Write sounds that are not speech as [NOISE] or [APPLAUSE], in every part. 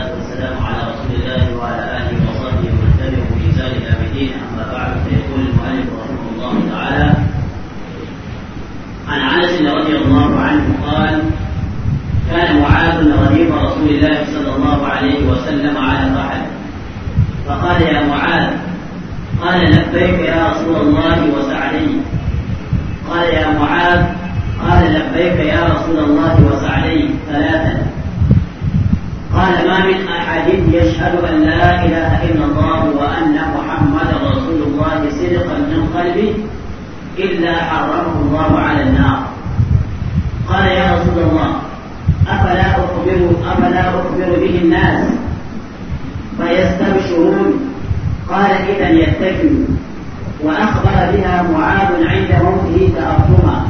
والصلاة والسلام على رسول الله وعلى آله وصحبه ومن تبعه بإحسان إلى الدين أما بعد فيقول المؤلف رحمه الله تعالى عن أنس رضي الله عنه قال كان معاذ رديف رسول الله صلى الله عليه وسلم على رحل فقال يا معاذ قال لبيك يا رسول الله وسعدي قال يا معاذ قال لبيك يا رسول الله وسعدي ثلاثا قال ما من أحد يشهد أن لا إله إلا الله وأن محمدا رسول الله صدقا من قلبه إلا حرمه الله على النار قال يا رسول الله أفلا أخبر أفلا أخبر به الناس فيستبشرون قال إذا يتكئوا وأخبر بها معاذ عند موته تأخرها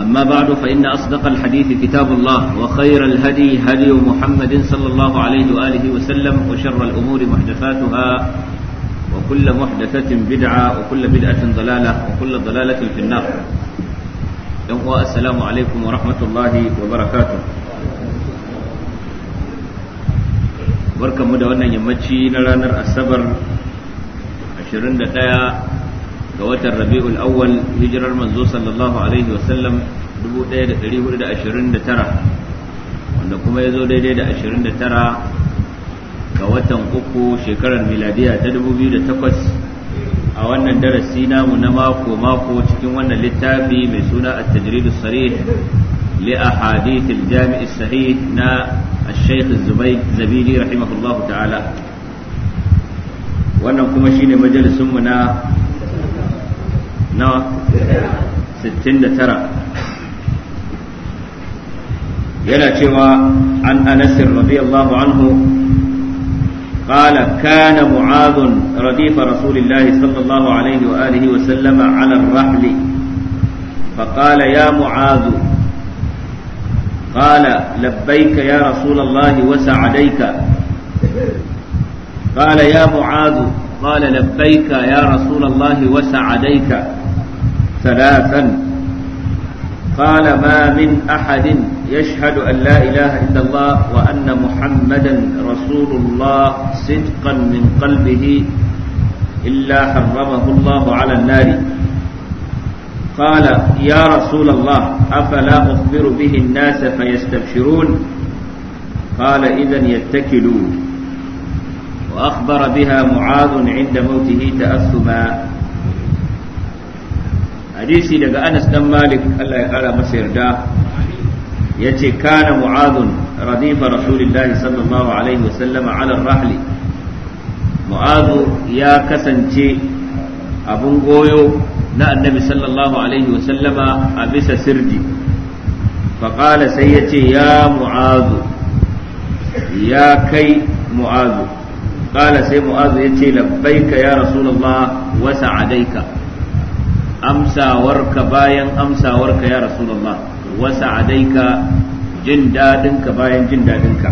أما بعد فإن أصدق الحديث كتاب الله وخير الهدي هدي محمد صلى الله عليه وآله وسلم وشر الأمور محدثاتها وكل محدثة بدعة وكل بدعة ضلالة وكل ضلالة في النار السلام عليكم ورحمة الله وبركاته barkanmu da wannan yammaci na ranar asabar 21 ga watan rabi'ul awwal hijirar manzo sallallahu alaihi wasallam 1429 wanda kuma ya zo daidai da 29 ga watan uku shekarar miladiya ta 2008 a wannan darasi namu na mako-mako cikin wannan littafi mai suna at-tajridu sarih li ahadith al-jami' sahih na الشيخ الزبيد زبيدي رحمه الله تعالى wannan kuma shine majalisunmu na ترى يلا جوا عن أنس رضي الله عنه قال كان معاذ رديف رسول الله صلى الله عليه وآله وسلم على الرحل فقال يا معاذ قال لبيك يا رسول الله وسعديك قال يا معاذ قال لبيك يا رسول الله وسعديك ثلاثا قال ما من أحد يشهد أن لا إله إلا الله وأن محمدا رسول الله صدقا من قلبه إلا حرمه الله على النار قال يا رسول الله أفلا أخبر به الناس فيستبشرون قال إذا يتكلوا وأخبر بها معاذ عند موته تأثما hadisi daga Anas dan Malik Allah ya kara masa yarda yace kana mu'adun radifa rasulillahi sallallahu alaihi wasallama ala rahli mu'adu ya kasance abun goyo na annabi sallallahu alaihi wasallama a bisa sirdi faƙala sai ya ce ya mu'adu ya kai mu'adu ƙala sai mu'adu ya ce labbaika ya rasulallah wa amsawarka bayan amsawarka ya rasulullah wa sa'adaika jin dadinka bayan jin dadinka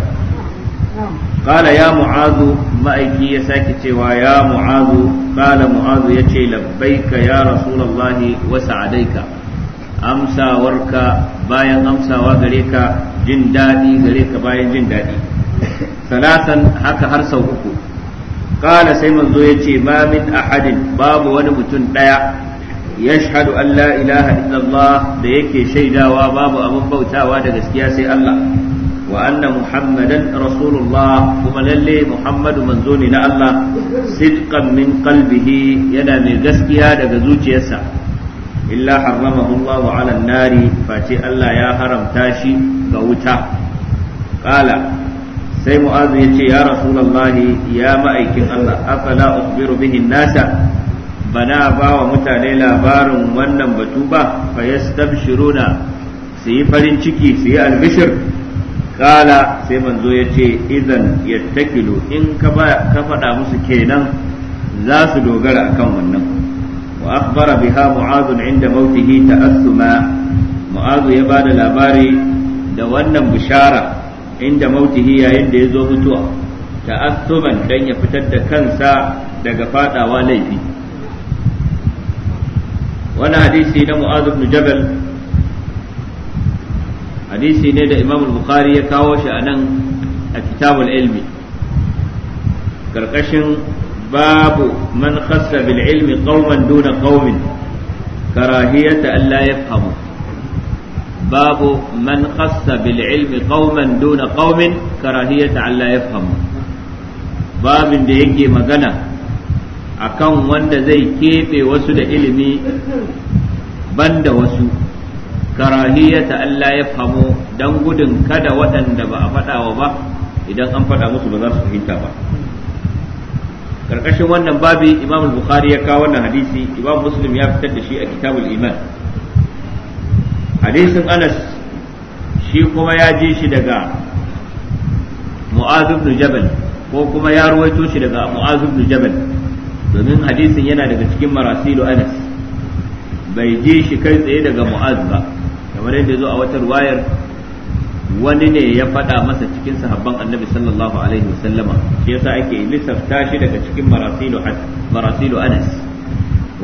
qala ya mu'azu ma'aiki ya sake cewa ya mu'azu qala mu'azu yace labbaika ya rasulullah wa sa'adaika amsawarka bayan amsawa gare ka jin dadi gare ka bayan jin dadi salasan haka har sau uku qala sai manzo yace ma min ahadin babu wani mutum daya يشهد أن لا إله إلا الله ديك شيدا وباب أبن بوتا وادق سياسي الله وأن محمدا رسول الله كما للي محمد منزون إلى الله صدقا من قلبه ينا من قسكها دقزوج يسع إلا حرمه الله على النار فاتي الله يا حرم تاشي قوتا قال سي معاذ يا رسول الله يا مأيك الله أفلا أخبر به الناس bana ba wa mutane labarin wannan batu ba fa yastabshiruna su yi farin ciki su yi albishir kala sai manzo ya ce idan takilo in ka faɗa musu kenan za su dogara a kan wannan wa akhbara biha mu'azu inda mautihi ta'assuma mu'azu ya bada labari da wannan bishara inda mautihi yayin da ya zo mutuwa ta'assuman dan ya fitar da kansa daga fadawa laifi wani hadisi na mu'adh ibn jabal hadisi ne da imam bukhari ya kawo shi a nan a kitabul ilmi karkashin babu man khassa bil ilmi qauman duna qaumin karahiyata an la yafhamu babu man khassa bil ilmi qauman duna qaumin karahiyata an la yafhamu babin da yake magana akan wanda zai keɓe wasu da ilimi banda wasu karahiyata Allah ya famo don gudun kada waɗanda ba a faɗawa ba idan an faɗa musu ba za su fahimta ba karkashin wannan babi imam bukhari ya kawo wannan hadisi imam muslim ya fitar da shi a kitabul iman hadisin anas shi kuma ya ji shi daga mu'az ibn jabal ko kuma ya ruwaito shi daga mu'az ibn jabal domin hadisin yana daga cikin marasilu anas bai je shi kai tsaye daga mu'az ba kamar yadda zo a wata wayar wani ne ya faɗa masa cikin sahabban annabi sallallahu alaihi wasallama shi yasa ake lissafta shi daga cikin marasilu marasilu anas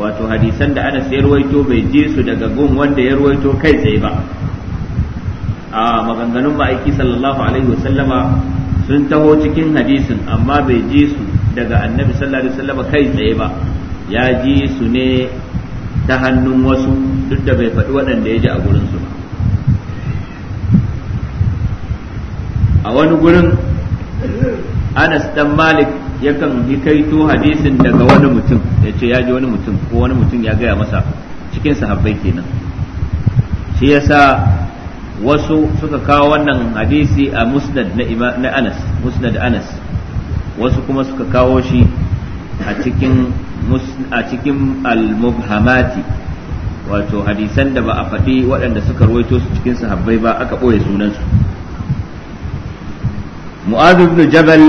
wato hadisan da anas ya ruwaito bai je su daga gun wanda ya ruwaito kai tsaye ba a maganganun ma'aiki sallallahu alaihi wasallama sun taho cikin hadisin amma bai je su daga annabi sallallahu alaihi wasallam kai tsaye ba ya ji su ne ta hannun wasu duk da bai faɗi waɗanda ya ji a gurinsu ba a wani gurin anas dan malik yakan kaito hadisin daga wani mutum ya ce ya ji wani mutum ko wani mutum ya gaya masa cikin sahabbai kenan shi yasa wasu suka kawo wannan hadisi a musnad na anas musnad anas wasu kuma suka kawo shi a cikin a al-mubhamati wato hadisan da ba a faɗi waɗanda suka ruwaito su cikin sahabbai ba aka ɓoye sunansu mu'azu ibn jabal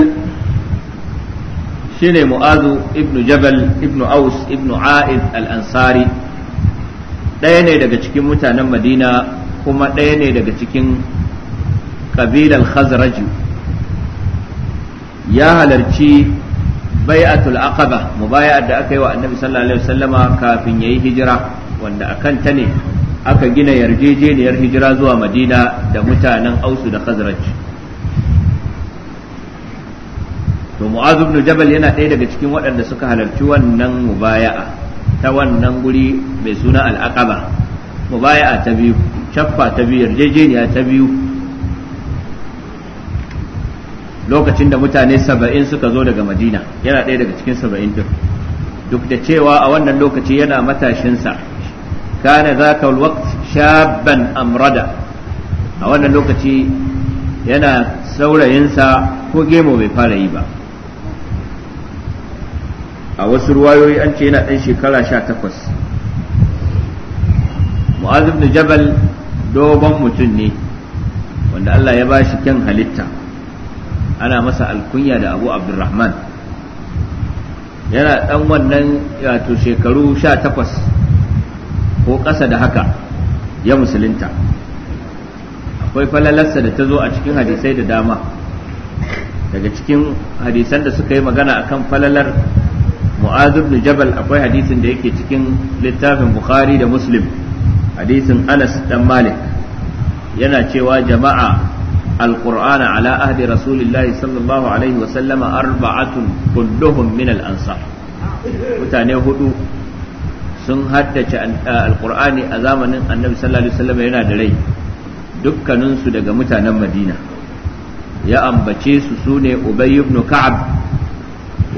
shine mu'azu ibn jabal ibn aus ibn a'id al-ansari ɗaya ne daga cikin mutanen madina kuma ɗaya ne daga cikin ƙabilar khazraju ya halarci bai'atul aqaba mubaya'ar da aka yi wa annabi sallallahu alaihi wasallama kafin yayi hijira wanda akan ta ne aka gina yarjejeniyar hijira zuwa madina da mutanen ausu da khazraj to mu'az ibn jabal yana ɗaya daga cikin waɗanda suka halarci wannan mubaya'a ta wannan guri mai suna al-aqaba mubaya'a ta biyu chaffa ta biyu yarjejeniya ta biyu lokacin da mutane saba'in suka zo daga madina yana ɗaya daga cikin saba'in din duk da cewa a wannan lokaci yana matashinsa kana za ka shaban amrada a wannan lokaci yana saurayinsa ko gemo bai fara yi ba a wasu ruwayoyi an ce yana ɗan shekara sha takwas mu'az da jabal dogon mutum ne wanda Allah ya ba shi kyan halitta ana masa alkunya da abu abdurrahman yana ɗan wannan wato shekaru sha takwas ko ƙasa da haka ya musulunta akwai falalarsa da ta zo a cikin hadisai da dama daga cikin hadisan da suka yi magana akan falalar mu'az ibn jabal akwai hadisin da yake cikin littafin bukhari da muslim hadisin anas dan malik yana cewa jama'a القرآن ala ahdi رسول الله صلى الله عليه وسلم أربعة كلهم من mutane hudu sun haddace alkur'ani a zamanin annabi sallallahu alaihi yana da rai dukkaninsu daga mutanen madina ya ambace su sune ubay ibn ka'ab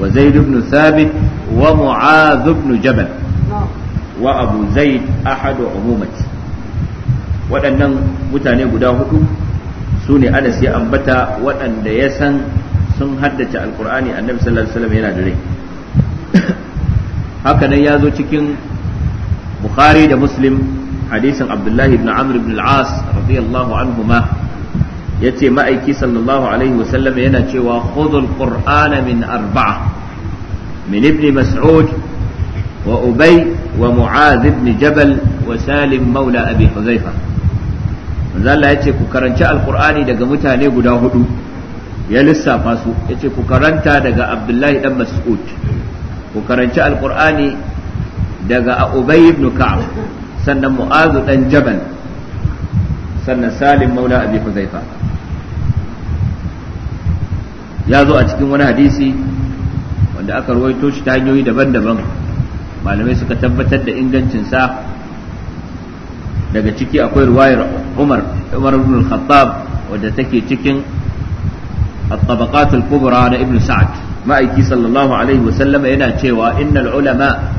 wa zaid ibn thabit wa mu'az ibn jabal wa abu zaid ahadu umumati waɗannan mutane guda hudu su ne anas ya ambata waɗanda ya san sun haddace alkur'ani annabi sallallahu alaihi wasallam yana da rai [COUGHS] haka nan ya zo cikin bukhari da muslim hadisin abdullahi ibn amr ibn al-as radiyallahu anhuma yace ma'aiki sallallahu alaihi wasallam yana cewa khudhul qur'ana min arba'a min ibn mas'ud wa ubay wa mu'adh ibn jabal wa salim maula abi manzo ya ce ku karanci alqur'ani daga mutane guda hudu ya lissafa su ya ce ku karanta daga abdullahi dan mas'ud ku karanci alqur'ani daga ubay ibn ka'ab sannan mu'azu dan jabal sannan salim maula abi huzaifa ya zo a cikin wani hadisi wanda aka rawaito shi ta hanyoyi daban-daban malamai suka tabbatar da ingancinsa daga ciki akwai ruwayar Umar Umar ibn al-Khattab wadda take cikin at-tabaqat al-kubra da Ibn Sa'd ma'aiki sallallahu alaihi wa sallam yana cewa innal ulama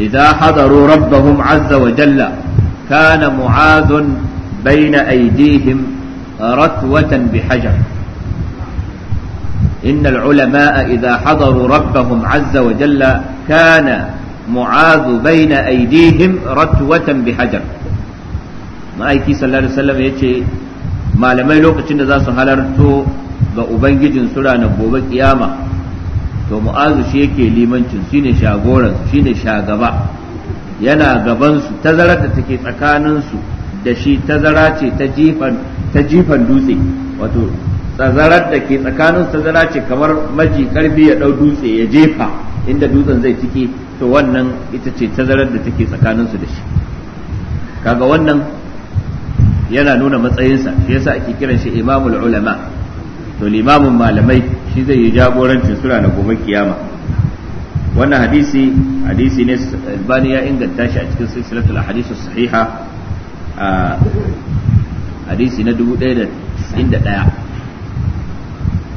idza hadaru rabbahum azza wa jalla kana mu'adun bayna aydihim ratwatan bihajar إن العلماء إذا حضروا ربهم عز وجل كان mu'azu baina aidihim ratwatan bihajar ma'aiki sallallahu alaihi wasallam yace malamai lokacin da za su halarto ga ubangijin su na gobe kiyama to mu'azu shi yake limancin shine shagoran shine shagaba yana gaban su tazarar da take tsakanin su da shi tazara ce ta jifan ta jifan dutse wato tazarar da ke tsakanin tazara ce kamar maji karfi ya dau dutse ya jefa inda dutsen zai cike to wannan ita ce tazarar da take tsakaninsu da shi kaga wannan yana nuna matsayinsa shi yasa ake kiran shi imamul ulama to limamin malamai shi zai yi jagorancin sura na gobe kiyama wannan hadisi hadisi ne albani ya inganta shi a cikin silsilatul hadisi sahiha a hadisi na 1091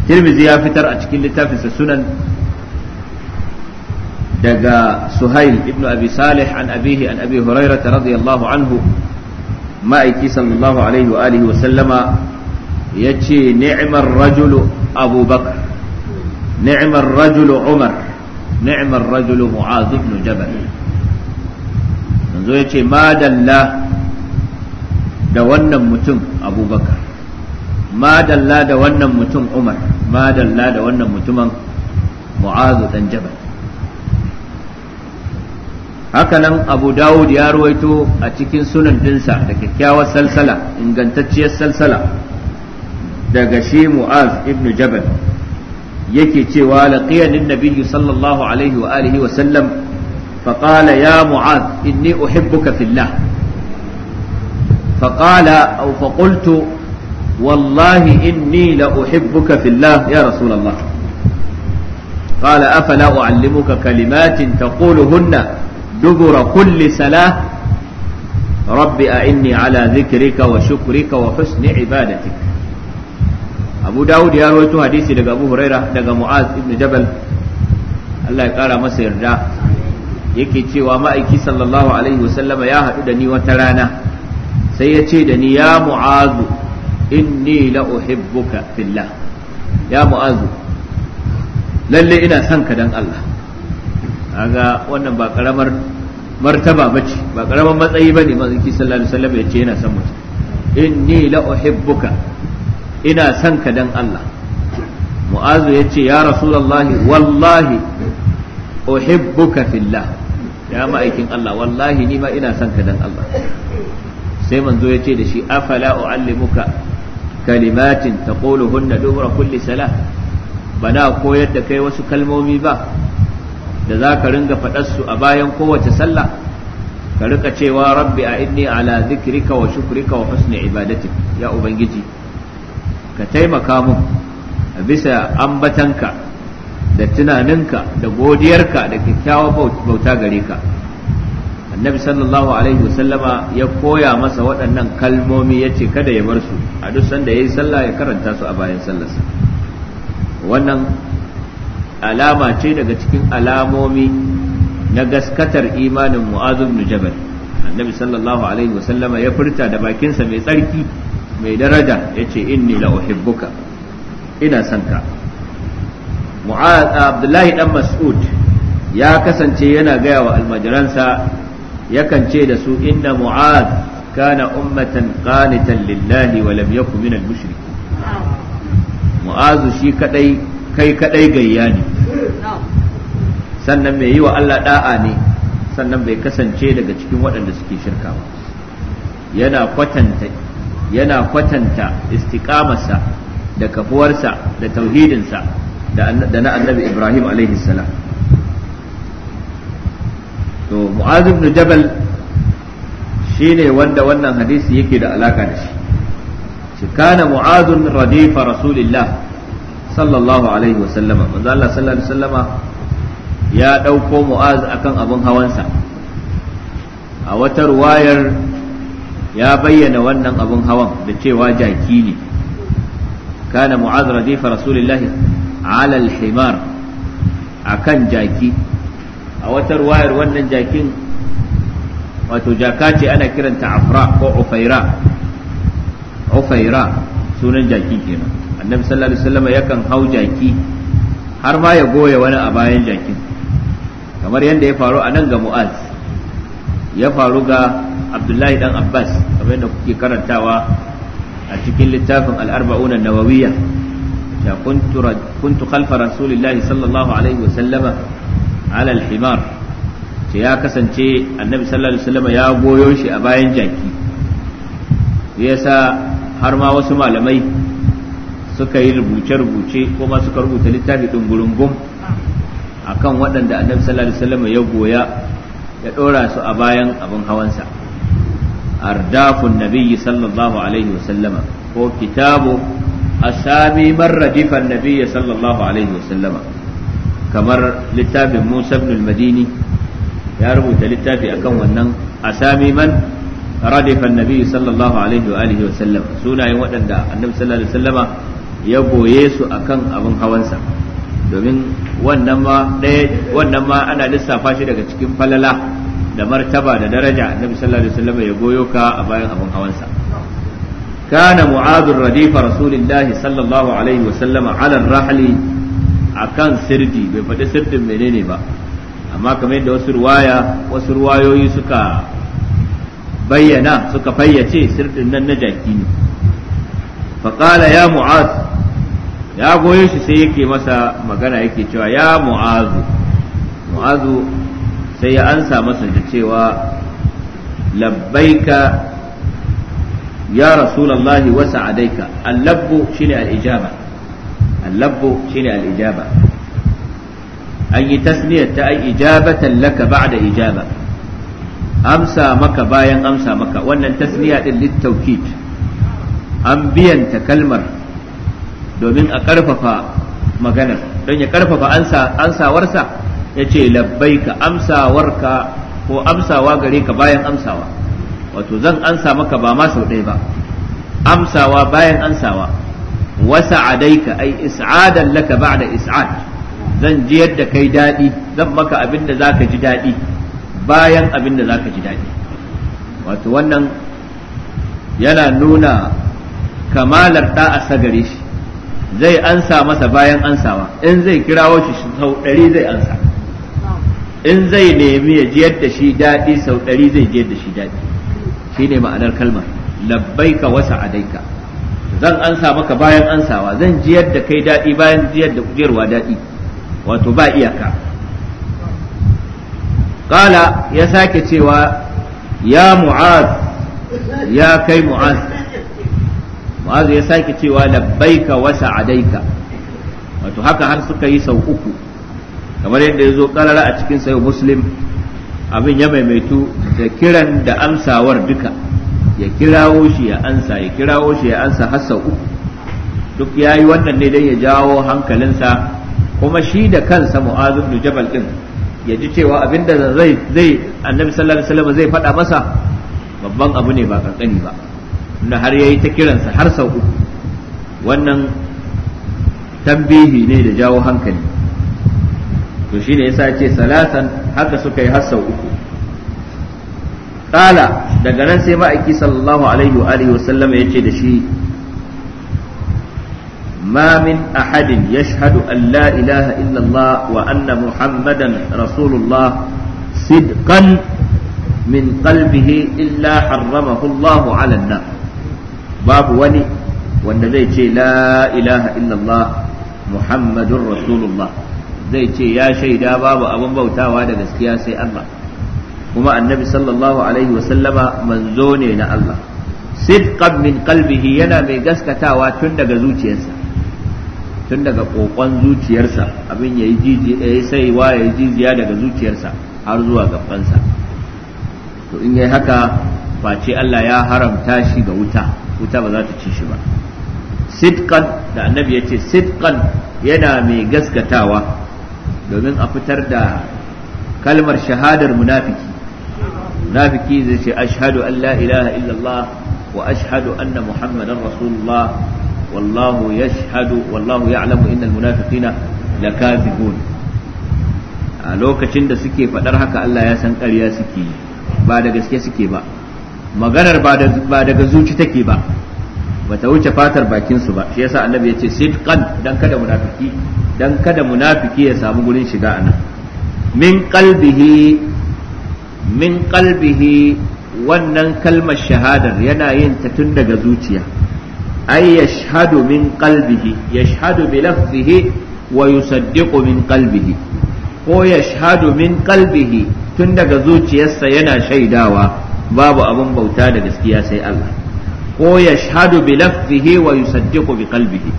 tirmizi ya fitar a cikin littafinsa sunan daga suhail ibn abi salih an abihi an abi hurairah radiyallahu anhu ma'aiki sallallahu alaihi wa alihi wa sallama yace ni'mar rajulu abubakar ni'mar rajulu umar ni'mar rajulu mu'az ibn jabal yanzu yace madalla da wannan mutum abubakar madalla da wannan mutum umar madalla da wannan mutumin mu'azu dan jabal hakanan abu dawud ya ruwaito a cikin sunan dinsa da kyakkyawar salsala ingantacciyar salsala daga shi mu'az ibnu jabal yake cewa laqiyanin nabiyu sallallahu alaihi wa alihi wa sallam faqala ya mu'az inni uhibbuka fillah faqala aw faqultu wallahi inni la uhibbuka fillah ya rasulullah qala afala u'allimuka kalimatin taquluhunna dubura kulli salah rabbi a'inni ala zikrika wa shukrika wa husni ibadatik abu dawud ya rawaito hadisi daga abu huraira daga mu'az ibnu jabal Allah ya kara masa yarda yake cewa ma'aiki sallallahu alaihi wasallama ya haɗu da ni wata rana sai yace ce da ni ya mu'azu inni la uhibbuka fillah ya mu'azu lalle ina son ka dan Allah kaga wannan ba karamar martaba bace ba karamar matsayi bane manzon sallallahu alaihi wasallam ya ce yana son mutum inni la uhibbuka ina son ka dan Allah mu'azu ya ce ya rasulullahi wallahi uhibbuka fillah ya ma'aikin Allah wallahi ni ma ina son ka dan Allah sai manzo yace ce da shi afala u'allimuka kalimatin taquluhunna dubra kulli salah bana koyar da kai wasu kalmomi ba da za ka ringa faɗarsu a bayan kowace sallah ka rika cewa rabbi a inni ala zikrika wa shukrika wa husni ibadatik ya ubangiji ka taimaka mun a bisa ambatanka da tunaninka da godiyarka da kyakkyawa bauta gare ka annabi sallallahu alaihi wasallama ya koya masa waɗannan kalmomi ya ce kada ya bar su a duk sanda ya yi sallah ya karanta su a bayan sallarsa wannan alama ce daga cikin alamomi na gaskatar imanin mu'azu ibn jabal annabi sallallahu alaihi wasallama ya furta da bakinsa mai tsarki mai daraja ya ce inni la uhibbuka ina son ka abdullahi dan mas'ud ya kasance yana gaya wa almajiransa yakan ce da su inna mu'az kana ummatan qanitan lillahi wa lam yakun minal mushrikin mu'azu shi kadai kai kadai gayya ne sannan mai yi wa Allah da'a ne sannan bai kasance daga cikin waɗanda suke shirka ba yana kwatanta yana kwatanta istiqamarsa da kafuwarsa da tauhidinsa da na annabi ibrahim alaihi salam to mu'az ibn jabal shine wanda wannan hadisi yake da alaka da shi shi kana mu'azun radifa rasulillah sallallahu alaihi wasallama manzo Allah sallallahu alaihi wasallama ya ɗauko mu'az akan abin hawansa a wata ruwayar ya bayyana wannan abin hawan da cewa jaki ne kana mu'az radifa rasulillahi ala al-himar akan jaki a wata ruwayar wannan jakin wato jaka ce ana kiranta afra ko ufaira ufaira sunan jaki kenan annabi sallallahu alaihi wasallam yakan hau jaki har ma ya goya wani a bayan jakin kamar yadda ya faru a nan ga mu'az ya faru ga abdullahi dan abbas kamar yadda kuke karantawa a cikin littafin al'arba'una nawawiyya ya kuntu khalfa rasulillahi sallallahu alaihi wasallama ala al-himar ce ya kasance annabi sallallahu alaihi wasallama ya goyo shi a bayan jaki yasa har ma wasu malamai suka yi rubuce-rubuce kuma suka rubuta littafi ɗin gurungun a kan waɗanda annabi sallallahu alaihi wasallam ya goya ya ɗora su a bayan abin hawansa ardafun nabiyyi sallallahu alaihi wasallama ko kitabu asami marradifan nabiyyi sallallahu alaihi wasallama kamar littafin musa ibn al-madini ya rubuta littafi akan wannan asami man ردف النبي صلى الله عليه وآله وسلم sunayen ودن annabi sallallahu alaihi عليه ya goye su akan abin hawansa domin wannan ma ana lissafa shi daga cikin falala da martaba da daraja annabi sallallahu alaihi wasallam ya goyo ka a bayan abin hawansa kana mu'adh radifa rasulillahi sallallahu alaihi wasallam ala rahli akan sirdi bai faɗi sirdin menene ba amma kamar yadda wasu ruwaya wasu ruwayoyi suka bayyana suka fayyace sirdin nan na jaki ne فقال يا معاذ ya goyo shi sai yake masa magana yake cewa ya mu'azu mu'azu sai ya ansa masa da cewa labbaika ya rasulallahi wa sa'adaika allabbu shine al-ijaba allabbu shine al-ijaba an yi tasniyar ta ai ijabatan laka ba'da ijaba amsa maka bayan amsa maka wannan tasniya din littaukid an biyanta kalmar domin a ƙarfafa maganar don ya ƙarfafa ansawarsa ya ce ka amsawarka ko amsawa gare ka bayan amsawa wato zan ansa maka ba ma sau ɗaya ba amsawa bayan ansawa wasa adaika ai is'adan laka da is'ad zan ji yadda kai daɗi zan maka abin da za ka ji daɗi bayan abin da za ka ji daɗi wato wannan yana nuna kamalar ɗa'a sagare shi zai ansa masa bayan ansawa in zai kirawo shi sau ɗari zai ansa in zai nemi ya jiyar da shi daɗi sau ɗari zai jiyar da shi daɗi shi ne ma'anar kalmar labbaika wasa adaika zan ansa maka bayan ansawa zan jiyar da kai daɗi bayan jiyar da kujerwa daɗi wato ba iyaka kala ya sake cewa ya mu'az ya kai mu'az mu'azu ya sake cewa labbaika wa sa'adaika wato haka har suka yi sau uku kamar yadda ya zo karara a cikin sayo muslim abin ya maimaitu da kiran da amsawar duka ya kirawo shi ya ansa ya kirawo shi ya ansa har sau uku duk ya yi wannan ne don ya jawo hankalinsa kuma shi da kansa mu'azu bin jabal din ya ji cewa abinda zai zai annabi sallallahu alaihi wasallam zai faɗa masa babban abu ne ba kankani ba na har yayi ta kiransa har sau uku wannan tambihi ne da jawo hankali to shine yasa ce salatan haka suka yi har sau uku qala daga nan sai ma'aiki sallallahu alaihi wa alihi wa sallama yace da shi ما من أحد يشهد ilaha لا إله إلا الله وأن محمدا رسول الله min من قلبه إلا حرمه الله على babu wani wanda zai ce la ilaha illallah muhammadun rasulullah zai ce ya shaida babu abin bautawa da gaskiya sai Allah kuma annabi sallallahu alaihi wasallama manzo ne na Allah sidqan min qalbihi yana mai gaskatawa tun daga zuciyarsa tun daga kokon zuciyarsa abin yayi jiji yayi saiwa yayi jijiya daga zuciyarsa har zuwa gabansa to in yayi haka face Allah ya haramta shi ga wuta wuta ba za ta ci shi ba Sidkan. da annabi ya ce Sidkan yana mai gaskatawa domin a fitar da kalmar shahadar munafiki munafiki zai ce ashhadu an la ilaha illallah wa ashhadu anna muhammadan rasulullah wallahu yashhadu wallahu ya'lamu innal munafiqina lakazibun a lokacin da suke faɗar haka Allah ya san ƙarya suke ba da gaske suke ba maganar ba daga zuci take ba ba ta wuce fatar bakin su ba shi yasa annabi ya sidqan dan kada munafiki dan kada munafiki ya samu gurin shiga anan min qalbihi min qalbihi wannan kalmar shahadar yana yin ta tun daga zuciya ay yashhadu min qalbihi yashhadu bi lafzihi wa yusaddiqu min qalbihi ko yashhadu min qalbihi tun daga zuciyarsa yana shaidawa babu abin bauta da gaskiya sai Allah ko shahadu bi lafzihi wa yusaddiqu bi qalbihi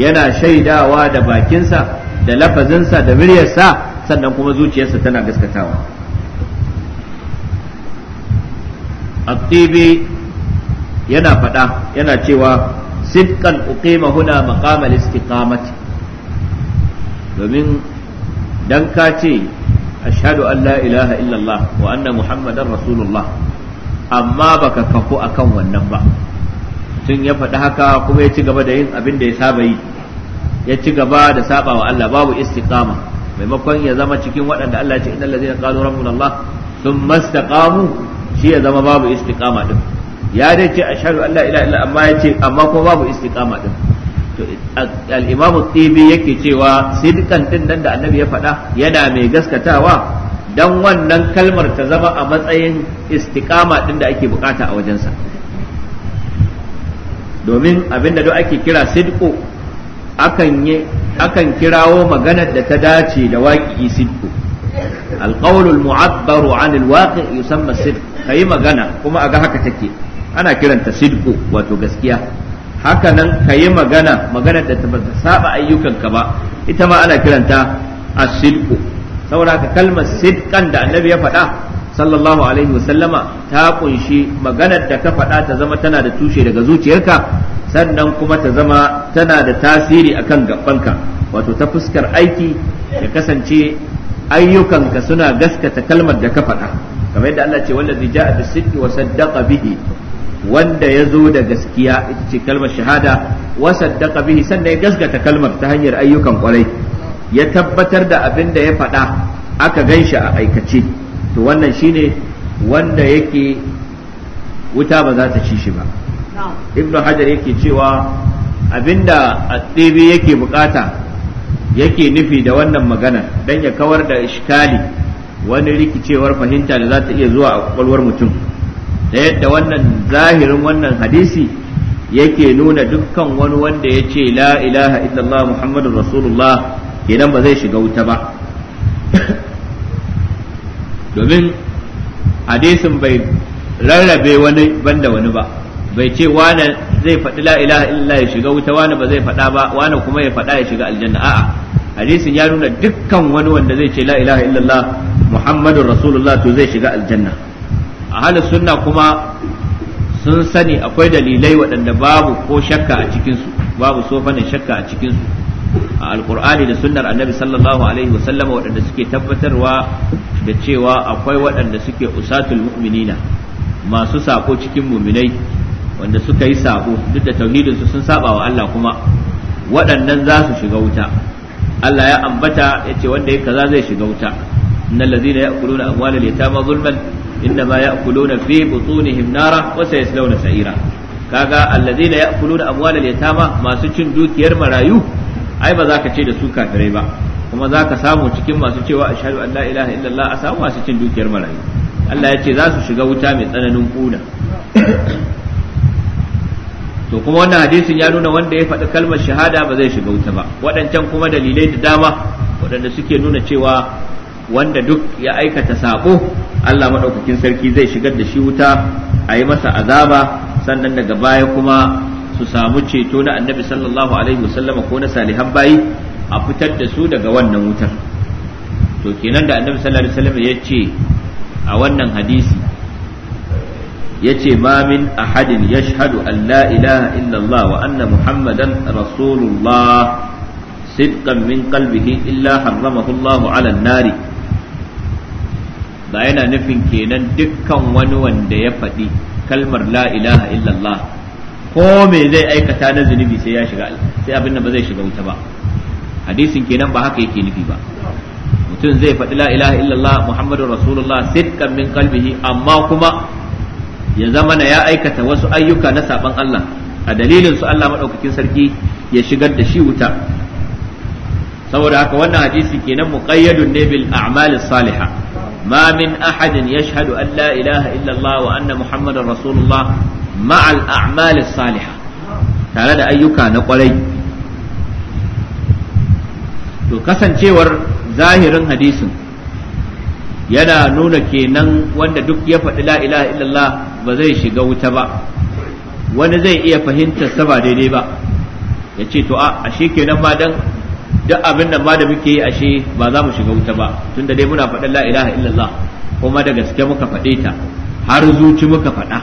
yana shaidawa da bakinsa da lafazinsa da muryarsa sannan kuma zuciyarsa tana gaskatawa Aqtibi yana faɗa yana cewa sidqan uqima huna maqamal istiqamati domin dan ka ce ashhadu an la ilaha illallah wa anna Muhammadan rasulullah amma baka kafu akan wannan ba tun ya faɗi haka kuma ya ci gaba da yin abin da ya saba yi ya ci gaba da saba wa Allah babu istiqama maimakon ya zama cikin waɗanda Allah ce innal ladzina qalu rabbuna Allah thumma istaqamu shi ya zama babu istiqama din ya dai ce ashhadu an la ilaha illa amma ya ce amma kuma babu istiqama din to al-imam tibi yake cewa sidqan din nan da annabi ya faɗa yana mai gaskatawa Idan wannan kalmar ta zama a matsayin istiqama ɗin da ake bukata a wajensa domin abinda duk ake kira sidko akan yi akan kirawo maganar da ta dace da waƙi sidko alqawlul mu'abbaru anil waqi yusamma sidq kai magana kuma aga haka take ana kiranta sidko wato gaskiya haka nan kayi magana maganar da ta saba ayyukanka ba ita ma ana kiranta as-sidqu saboda ka kalmar sidkan da annabi ya faɗa sallallahu alaihi wasallama ta kunshi maganar da ka faɗa ta zama tana da tushe daga zuciyarka sannan kuma ta zama tana da tasiri akan gabanka wato ta fuskar aiki ya kasance ayyukanka suna gaskata kalmar da ka faɗa kamar yadda Allah ce wallazi ja'a bis-sidqi wa saddaqa bihi wanda ya zo da gaskiya ita ce kalmar shahada wa saddaqa bihi sannan ya gaskata kalmar ta hanyar ayyukan kwarai ya tabbatar da abin da ya faɗa aka gan shi a aikace to wannan shine wanda yake wuta ba za ta ci shi ba ibnu hajar yake cewa abinda addibi yake bukata yake nufi da wannan magana don ya kawar da Ishkali, wani rikicewar fahimta da za ta iya zuwa a kwakwalwar mutum da yadda wannan zahirin wannan hadisi yake nuna dukkan wani wanda ya ce la ilaha illallah muhammadun rasulullah kenan ba zai shiga wuta ba domin hadisin bai rarrabe wani banda wani ba bai ce wane zai faɗi la ilaha illa ya shiga wuta wane ba zai faɗa ba wane kuma ya faɗa ya shiga aljanna a'a hadisin ya nuna dukkan wani wanda zai ce la ilaha illallah muhammadun rasulullah to zai shiga aljanna a halin sunna kuma sun sani akwai dalilai waɗanda babu ko shakka a cikinsu babu sofanin shakka a cikinsu a alkur'ani da sunnar annabi sallallahu alaihi wasallama waɗanda suke tabbatarwa da cewa akwai waɗanda suke usatul mu'minina masu sako cikin muminai wanda suka yi sako duk da tauhidinsu sun saba wa Allah kuma waɗannan za su shiga wuta Allah ya ambata ya ce wanda ya kaza zai shiga wuta innal ladzina ya'kuluna amwalal yatama zulman innama ya'kuluna fi butunihim nara wa sayaslawna sa'ira kaga alladhina ya'kuluna amwalal yatama masu cin dukiyar marayu ai ba za ka ce da su kafirai ba kuma za ka samu cikin masu cewa ashhadu an la ilaha illallah a samu masu cin dukiyar marayu Allah ya ce za su shiga wuta mai tsananin kuna to kuma wannan hadisin ya nuna wanda ya faɗi kalmar shahada ba zai shiga wuta ba waɗancan kuma dalilai da dama waɗanda suke nuna cewa wanda duk ya aikata saƙo Allah maɗaukakin sarki zai shigar da shi wuta a yi masa azaba sannan daga baya kuma su samu ceto na annabi sallallahu alaihi wasallama ko na salihan bayi a fitar da su daga wannan wutar to kenan da annabi sallallahu alaihi wasallam ya ce a wannan hadisi ya ce ma min ahadin shahadu an la ilaha illallah wa anna muhammadan rasulullah sidqan min qalbihi illa harramahu Allah ala nari ba yana nufin kenan dukkan wani wanda ya faɗi kalmar la ilaha illallah ko me zai aikata na zunubi sai ya shiga sai abin da ba zai shiga wuta ba hadisin kenan ba haka yake nufi ba mutum zai faɗi la ilaha illallah muhammadur rasulullah sidqan min qalbihi amma kuma ya zama na ya aikata wasu ayyuka na saban Allah a dalilin su Allah madaukakin sarki ya shigar da shi wuta saboda haka wannan hadisi kenan muqayyadun ne bil a'malis salihah ما من ya يشهد أن لا إله إلا الله وأن محمد رسول الله مع الأعمال tare da ayyuka na kwarai to kasancewar zahirin hadisin yana nuna kenan wanda duk ya faɗi la ilaha illallah ba zai shiga wuta ba wani zai iya fahimtar sa ba daidai ba ya ce to a ashe kenan ma dan duk abin nan ma da muke yi ashe ba za mu shiga wuta ba tunda dai muna faɗin la ilaha illallah kuma da gaske muka faɗe ta har zuci muka faɗa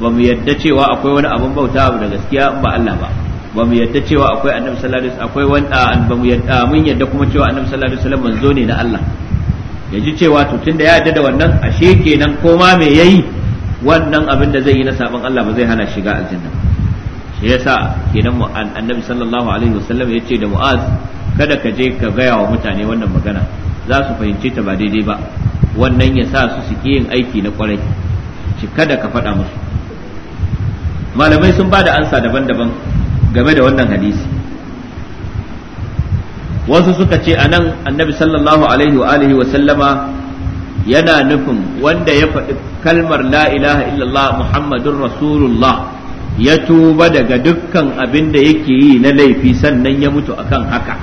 ba mu yadda cewa akwai wani abin bauta da gaskiya ba Allah ba ba mu yadda cewa akwai annabi sallallahu alaihi akwai wani ba mu yadda mun yadda kuma cewa annabi sallallahu alaihi wasallam manzo ne na Allah yaji cewa to tunda ya yadda da wannan ashe kenan koma me yayi wannan abin da zai yi na sabon Allah ba zai hana shiga aljanna shi yasa kenan annabi sallallahu alaihi wasallam ya ce da mu'az kada ka je ka gaya wa mutane wannan magana za su fahimce ta ba daidai ba wannan ya sa su suke yin aiki na kwarai shi kada ka faɗa musu malamai sun ba da ansa daban-daban game da wannan hadisi wasu suka ce a nan annabi sallallahu alaihi wa alihi wa sallama yana nufin wanda ya faɗi kalmar la ilaha illallah muhammadun rasulullah ya tuba daga dukkan abin da yake yi na laifi sannan ya mutu akan haka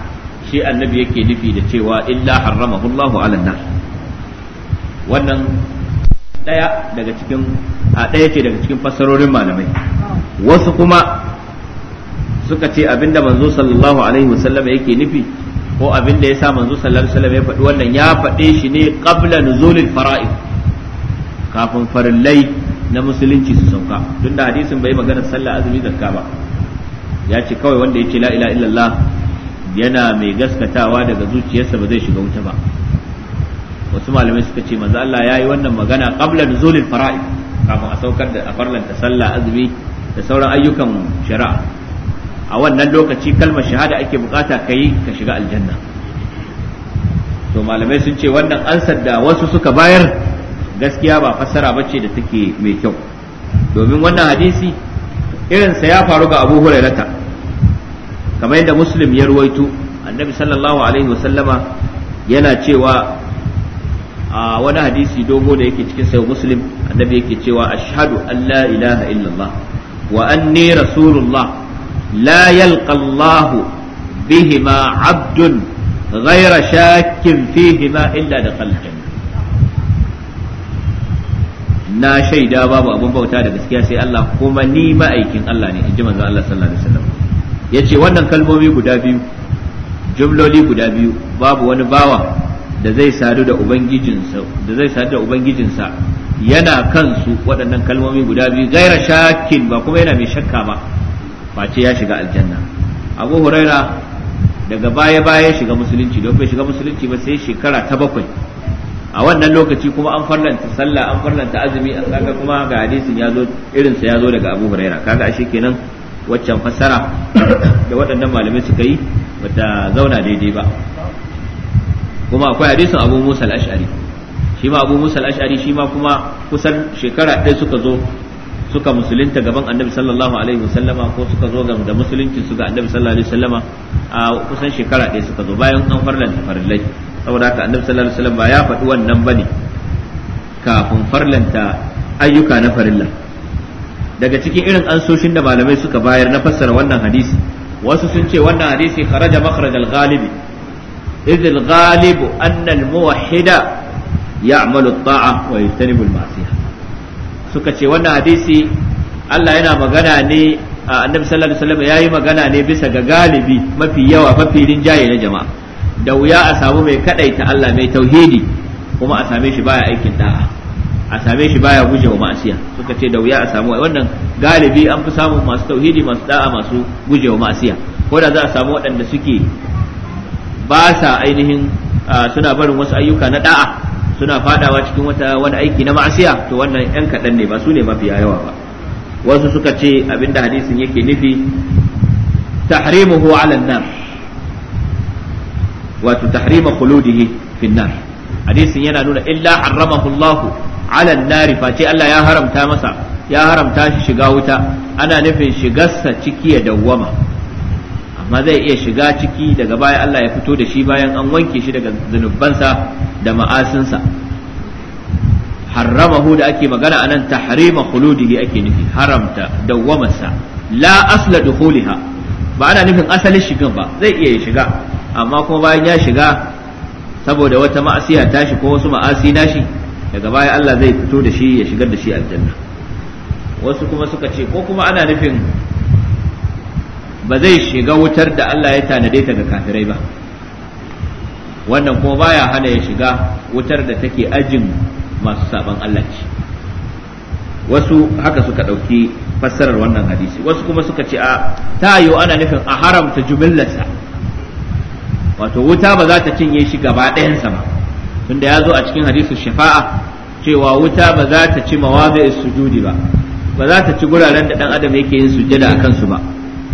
shi annabi yake nufi da cewa illa harramahu Allahu ala nar wannan daya daga cikin a daya ce daga cikin fassarorin malamai wasu kuma suka ce abinda manzo sallallahu alaihi wasallam yake nufi ko abin da ya sa manzo sallallahu alaihi wasallam ya faɗi wannan ya faɗe shi ne qabla nuzulil fara'id kafin farillai na musulunci su sauka duk da hadisin bai magana sallah azumi zakka ba ya ce kawai wanda ya ce la ilaha illallah yana mai gaskatawa daga zuciyarsa ba zai shiga wuta ba wasu malamai suka ce manzo Allah yayi wannan magana qabla nuzulil fara'id kafin a saukar da a farlanta sallah azumi da sauran ayyukan shari'a a wannan lokaci kalmar shahada ake bukata kai ka shiga aljanna to malamai sun ce wannan ansar da wasu suka bayar gaskiya ba fassara ce da take mai kyau domin wannan hadisi irinsa ya faru ga abu hurairata kamar yadda muslim ya ruwaito annabi sallallahu alaihi wasallama yana cewa a wani hadisi dogo da yake cikin sayo muslim annabi yake cewa ashadu an la ilaha illallah wa anni rasulullah la yalqa allah bihima abdun ghayra shakkin fihima illa da qalbin na shaida babu abun bauta da gaskiya sai Allah kuma ni ma'aikin Allah ne in ji manzo Allah sallallahu alaihi wasallam yace wannan kalmomi guda biyu jumloli guda biyu babu wani bawa da zai sadu da ubangijinsa da zai sadu da ubangijinsa yana kansu waɗannan kalmomi guda biyu gaira shakin ba kuma yana mai shakka ba face ya shiga aljanna abu huraira daga baya baya shiga musulunci don bai shiga musulunci ba sai shekara ta bakwai a wannan lokaci kuma an farlanta sallah an farlanta azumi an kaga kuma ga hadisin ya zo irin sa ya zo daga Abu Huraira kaga ashe kenan waccan fassara da waɗannan malamai suka yi bata zauna daidai ba kuma akwai hadisin Abu Musa al-Ash'ari shi ma Abu Musa al-Ash'ari shi ma kuma kusan shekara ɗaya suka zo suka musulunta gaban annabi sallallahu alaihi wasallama ko suka zo da musulunci su ga annabi sallallahu alaihi wasallama a kusan shekara ɗaya suka zo bayan an farlanta farillai saboda haka annabi sallallahu alaihi wasallam ba ya faɗi wannan bane kafin farlanta ayyuka na farilla daga cikin irin ansoshin da malamai suka bayar na fassara wannan hadisi wasu sun ce wannan hadisi kharaja makhraj al-ghalib idh al-ghalib anna al-muwahhida ya'malu at-ta'a wa yajtanibu al-ma'siyah suka ce wannan hadisi Allah yana magana ne annabi sallallahu alaihi wasallam yayi magana ne bisa ga galibi mafi yawa mafi rinjaye na jama'a da wuya a samu mai ta Allah mai tauhidi kuma a same shi baya aikin da'a a same shi baya guje wa ma'asiya suka ce da wuya a samu wannan galibi an fi samun masu tauhidi masu da'a masu guje wa ma'asiya ko da za a samu waɗanda suke ba sa ainihin suna barin wasu ayyuka na da'a suna fadawa cikin wata wani aiki na ma'asiya to wannan yan kaɗan ne ba su ne mafiya yawa ba wasu suka ce abinda hadisin yake nufi tahrimuhu ala nar wato tahrima khuludihi fi nar hadisin yana nuna illa haramahu Allah ala an-nar face Allah ya haramta masa ya haramta shi shiga wuta ana nufin shigarsa ciki ya dawwama amma zai iya shiga ciki daga baya Allah ya fito da shi bayan an wanke shi daga zunubansa da ma'asinsa harramahu da ake magana anan tahrima khuludihi ake nufi haramta dawwamarsa la asla dukhuliha ba ana nufin asalin shigan ba zai iya shiga amma kuma bayan ya shiga saboda wata ma'asiya tashi ko wasu ma'asi nashi daga baya Allah zai fito da shi ya shigar da shi aljanna wasu kuma suka ce ko kuma ana nufin ba zai shiga wutar da Allah ya tanade ta ga kafirai ba wannan kuma baya hana ya shiga wutar da take ajin masu saban Allah ce wasu haka suka ɗauki fassarar wannan hadisi wasu kuma suka ce a ta ana nufin a haramta jumillarsa wato wuta ba za ta cinye shi gaba ɗayansa ba tunda ya zo a cikin hadisu shafa'a cewa wuta ba za ta ci mawazi sujudi ba ba za ta ci guraren da ɗan adam yake yin sujjada a kansu ba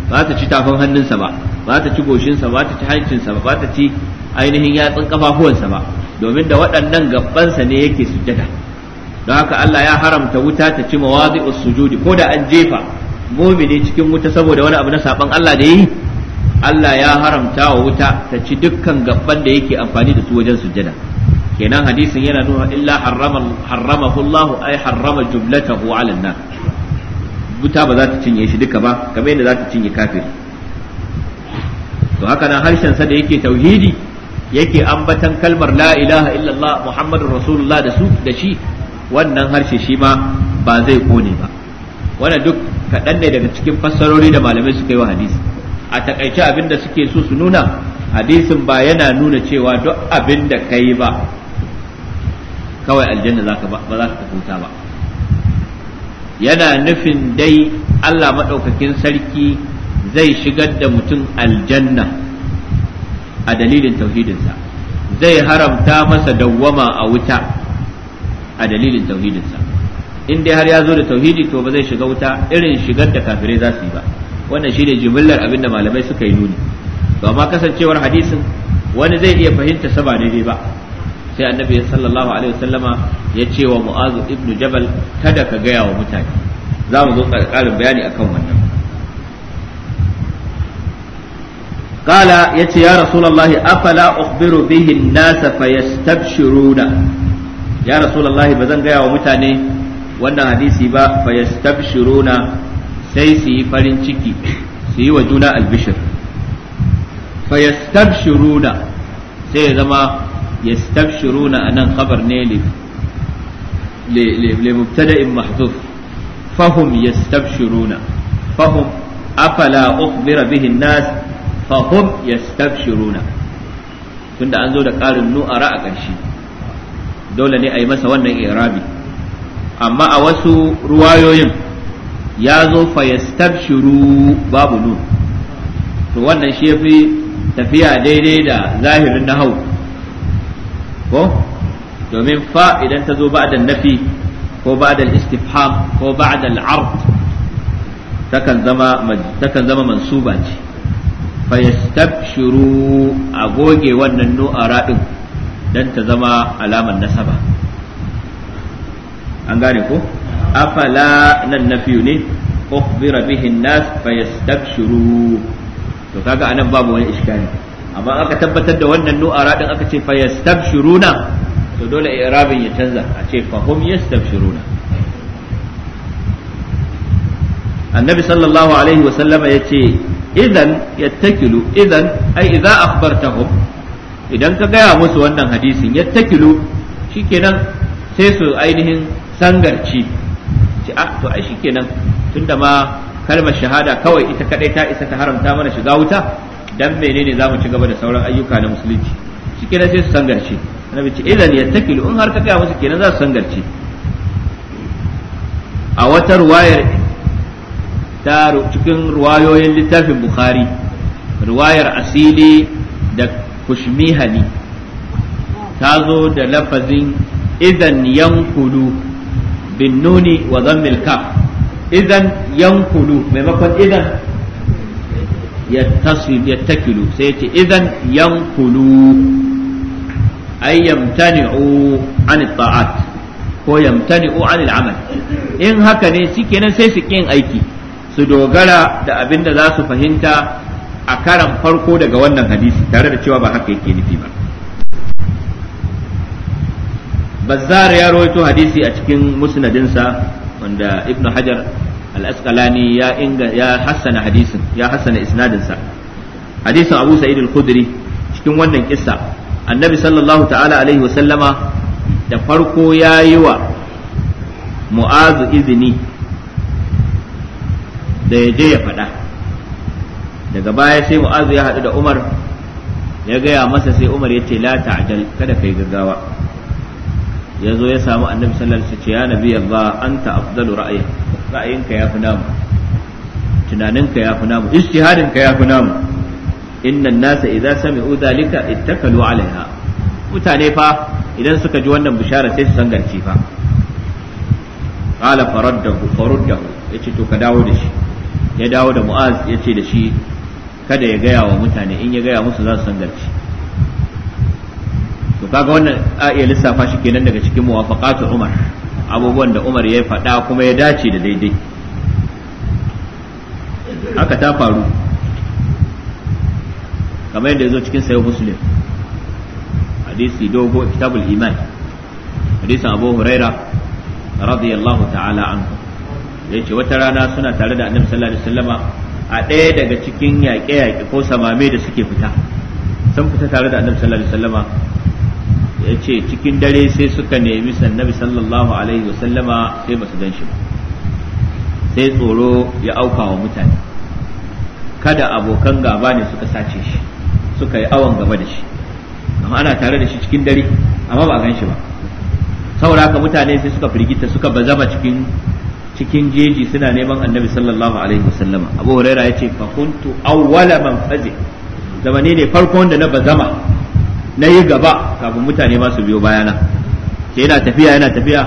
ba ta ci tafin hannunsa ba ba ta ci goshinsa ba ta ci hancinsa ba ba ta ci ainihin yatsun kafafuwansa ba domin da waɗannan gabansa ne yake sujjada don haka Allah ya haramta wuta ta ci mawazi sujudi ko da an jefa ne cikin wuta saboda wani abu na saban Allah da ya yi Allah ya haramta wa wuta ta ci dukkan gaban da yake amfani da su wajen sujjada kenan hadisin yana nuna illa harrama harramahu Allah ay harrama jublatahu 'ala an wuta ba za ta cinye shi duka ba kamar yadda za ta cinye kafiri to haka nan harshen sa da yake tauhidi yake ambatan kalmar la ilaha illallah muhammadur rasulullah da su da shi wannan harshe shi ma ba zai kone ba wannan duk kaɗan ne daga cikin fassarori da malamai suka yi wa hadisi a takaice abin da suke so su nuna hadisin ba yana nuna cewa duk abin da ka yi ba kawai aljanna ba za ka kuta ba yana nufin dai Allah maɗaukakin sarki zai shigar da mutum aljanna a dalilin tauhidinsa zai haramta masa dawwama a wuta a dalilin tauhidinsa in dai har ya zo da tauhidi to ba zai shiga wuta irin shigar da kafirai za su yi ba wannan shine jimillar abinda malamai suka yi nuni to amma kasancewar hadisin wani zai iya fahimta saba daidai ba sai annabi sallallahu alaihi wasallama ya ce wa mu'azu ibn jabal kada ka gaya wa mutane za mu zo ƙarin bayani akan wannan qala yace ya rasulullahi afala ukhbiru bihi an-nas fayastabshiruna ya rasulullahi bazan gaya wa mutane wannan hadisi ba fayastabshiruna sai su yi farin ciki su yi wa juna albishir fa yastabshiruna sai ya zama yastabshiruna anan khabar ne li li mubtada'in mahdhuf fahum yastabshiruna fahum afala ukhbira bihi nas fahum yastabshiruna tunda an zo da ƙarin nu'ara a ƙarshe dole ne a yi masa wannan irabi amma a wasu ruwayoyin ya zo fa shiru babu nun to wannan shi fi tafiya daidai da zahirin na hau ko domin fa idan ta zo ba'da nafi ko da istifham ko ba'da da ard takan zama takan fayastaf mansuba ce fa a goge wannan a raɗin dan ta zama alamar nasaba an gane ko afala nafiyu ne ukhbira anan babu wani iskali amma tabbatar da wannan nu'ara din aka ce fayastabshiruna to ya canza annabi sallallahu yace idan yattakilu idan ka gaya wannan hadisin sai su ainihin sangarci ce a ah, to ai shikenan tunda ma kalmar shahada kawai ita kadai ta isa ta haramta mana shiga wuta dan menene zamu ci gaba da sauran ayyuka na musulunci shikenan sai su sangarce annabi ce idan yattakilu in har ta kai musu kenan za su sangarce a wata ruwayar ta cikin ruwayoyin littafin bukhari ruwayar asili da kushmihani ta zo da lafazin idan yankulu bin nuni wa zammil kaf idan maimakon idan yattasib yattakilu sai yace idan yankulu ay yamtani'u an ta'at ko yamtani'u an al'amal in haka ne shikenan sai su ƙin aiki su dogara da abinda za su fahimta a karan farko daga wannan hadisi tare da cewa ba haka yake nufi ba bazzar ya rawaito hadisi a cikin musnadinsa wanda ibnu hajar al-asqalani ya inga ya hassana hadisin ya hassana isnadinsa hadisin abu sa'id al-khudri cikin wannan kissa annabi sallallahu ta'ala alaihi sallama da farko ya yi wa mu'azu izini da ya je ya faɗa daga baya sai mu'azu ya haɗu da umar ya gaya masa sai umar ya ce la ta'jal kada kai gaggawa ya zo ya samu annabi sallallahu alaihi wasallam ya nabi Allah anta afdalu ra'ayi ra'ayinka fi namu tunaninka ya fi namu ijtihadinka fi namu inna an-nasa idza sami'u dhalika ittakalu 'alaiha mutane fa idan suka ji wannan bishara sai su sangarci fa qala faraddahu faruddahu yace to ka dawo da shi ya dawo da mu'az yace da shi kada ya gaya wa mutane in ya gaya musu za su sangarci to kaga wannan a iya lissafa shi kenan daga cikin muwafaqatu Umar abubuwan da Umar ya faɗa kuma ya dace da daidai haka ta faru kamar yadda ya zo cikin sayo muslim hadisi dogo kitabul iman hadisin abu huraira radiyallahu ta'ala anhu da yace wata rana suna tare da annabi sallallahu alaihi wasallama a ɗaya daga cikin yaƙe-yaƙe ko samame da suke fita sun fita tare da annabi sallallahu alaihi wasallama ya ce cikin dare sai suka nemi sannabi sallallahu alaihi wasallama sai basu gan shi ba sai tsoro ya auka wa mutane kada abokan gaba ne suka sace shi suka yi awon gaba da shi amma ana tare da shi cikin dare amma ba gan shi ba saboda haka mutane sai suka firgita suka bazama cikin cikin jeji suna neman annabi sallallahu alaihi wasallama abu huraira yace fa kuntu awwala man fazi zamani ne farko wanda na bazama na yi gaba kafin mutane ba su biyo bayana ke yana tafiya yana tafiya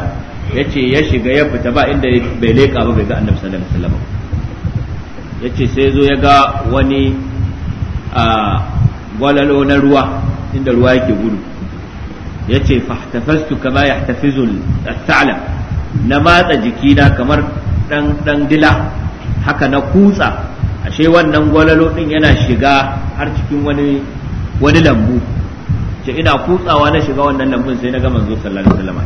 ya ce ya shiga ya fita ba inda bai leƙa ba bai ga annabi sallallahu alaihi wasallam ya ce sai zo ya ga wani a gwalalo na ruwa inda ruwa yake gudu ya ce fahtafastu kama ya tafizu ta'ala na matsa jikina kamar dan dila haka na kutsa ashe wannan gwalalo din yana shiga har cikin wani wani lambu ce ina kutsawa na shiga wannan lambun sai na ga manzo sallallahu alaihi wasallam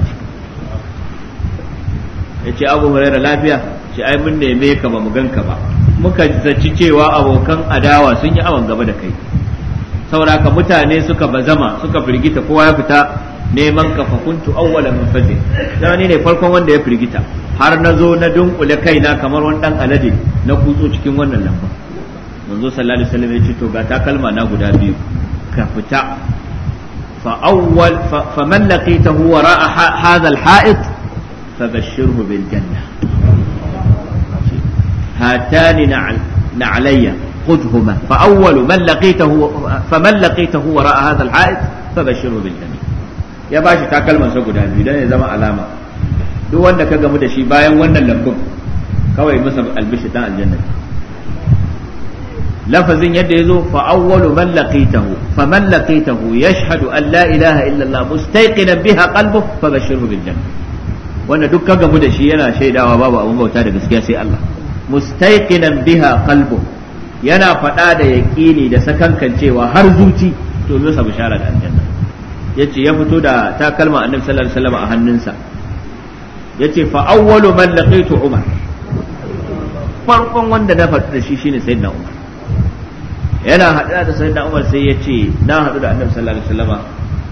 ya ce abu huraira lafiya ce ai mun neme ka ba mu ganka ba muka zaci cewa abokan adawa sun yi awan gaba da kai sauraka mutane suka bazama suka firgita kowa ya fita neman ka fa kuntu awwala min fadli ne farkon wanda ya firgita har na zo na dunkule kaina kamar wani dan alade na kutso cikin wannan lamba manzo sallallahu alaihi wasallam ya ce to ga takalma na guda biyu ka fita فأول فمن لقيته وراء هذا الحائط فبشره بالجنة هاتان نعلي خذهما فأول من لقيته فمن لقيته وراء هذا الحائط فبشره بالجنة يا باشا تاكلمن سا guda دان dan ya علامة دو وانا wanda ka gamu da shi bayan wannan lambun kawai lafazin yadda ya zo fa'awwalu awwalu man laqitahu fa man laqitahu yashhadu an la ilaha illa Allah mustaqinan biha qalbu fa bashirhu bil janna wanda duk ka gamu da shi yana shaidawa babu abun bauta da gaskiya sai Allah mustaqinan biha qalbu yana faɗa da yaqini da sakankan cewa har zuci to zai sa bishara da aljanna yace ya fito da takalma annabi sallallahu alaihi wasallam a hannunsa yace fa awwalu man laqitu umar farkon wanda na faɗi da shi shine sayyidina umar yana haɗuwa da da Umar sai ya ce na haɗu da annabi sallallahu alaihi wasallama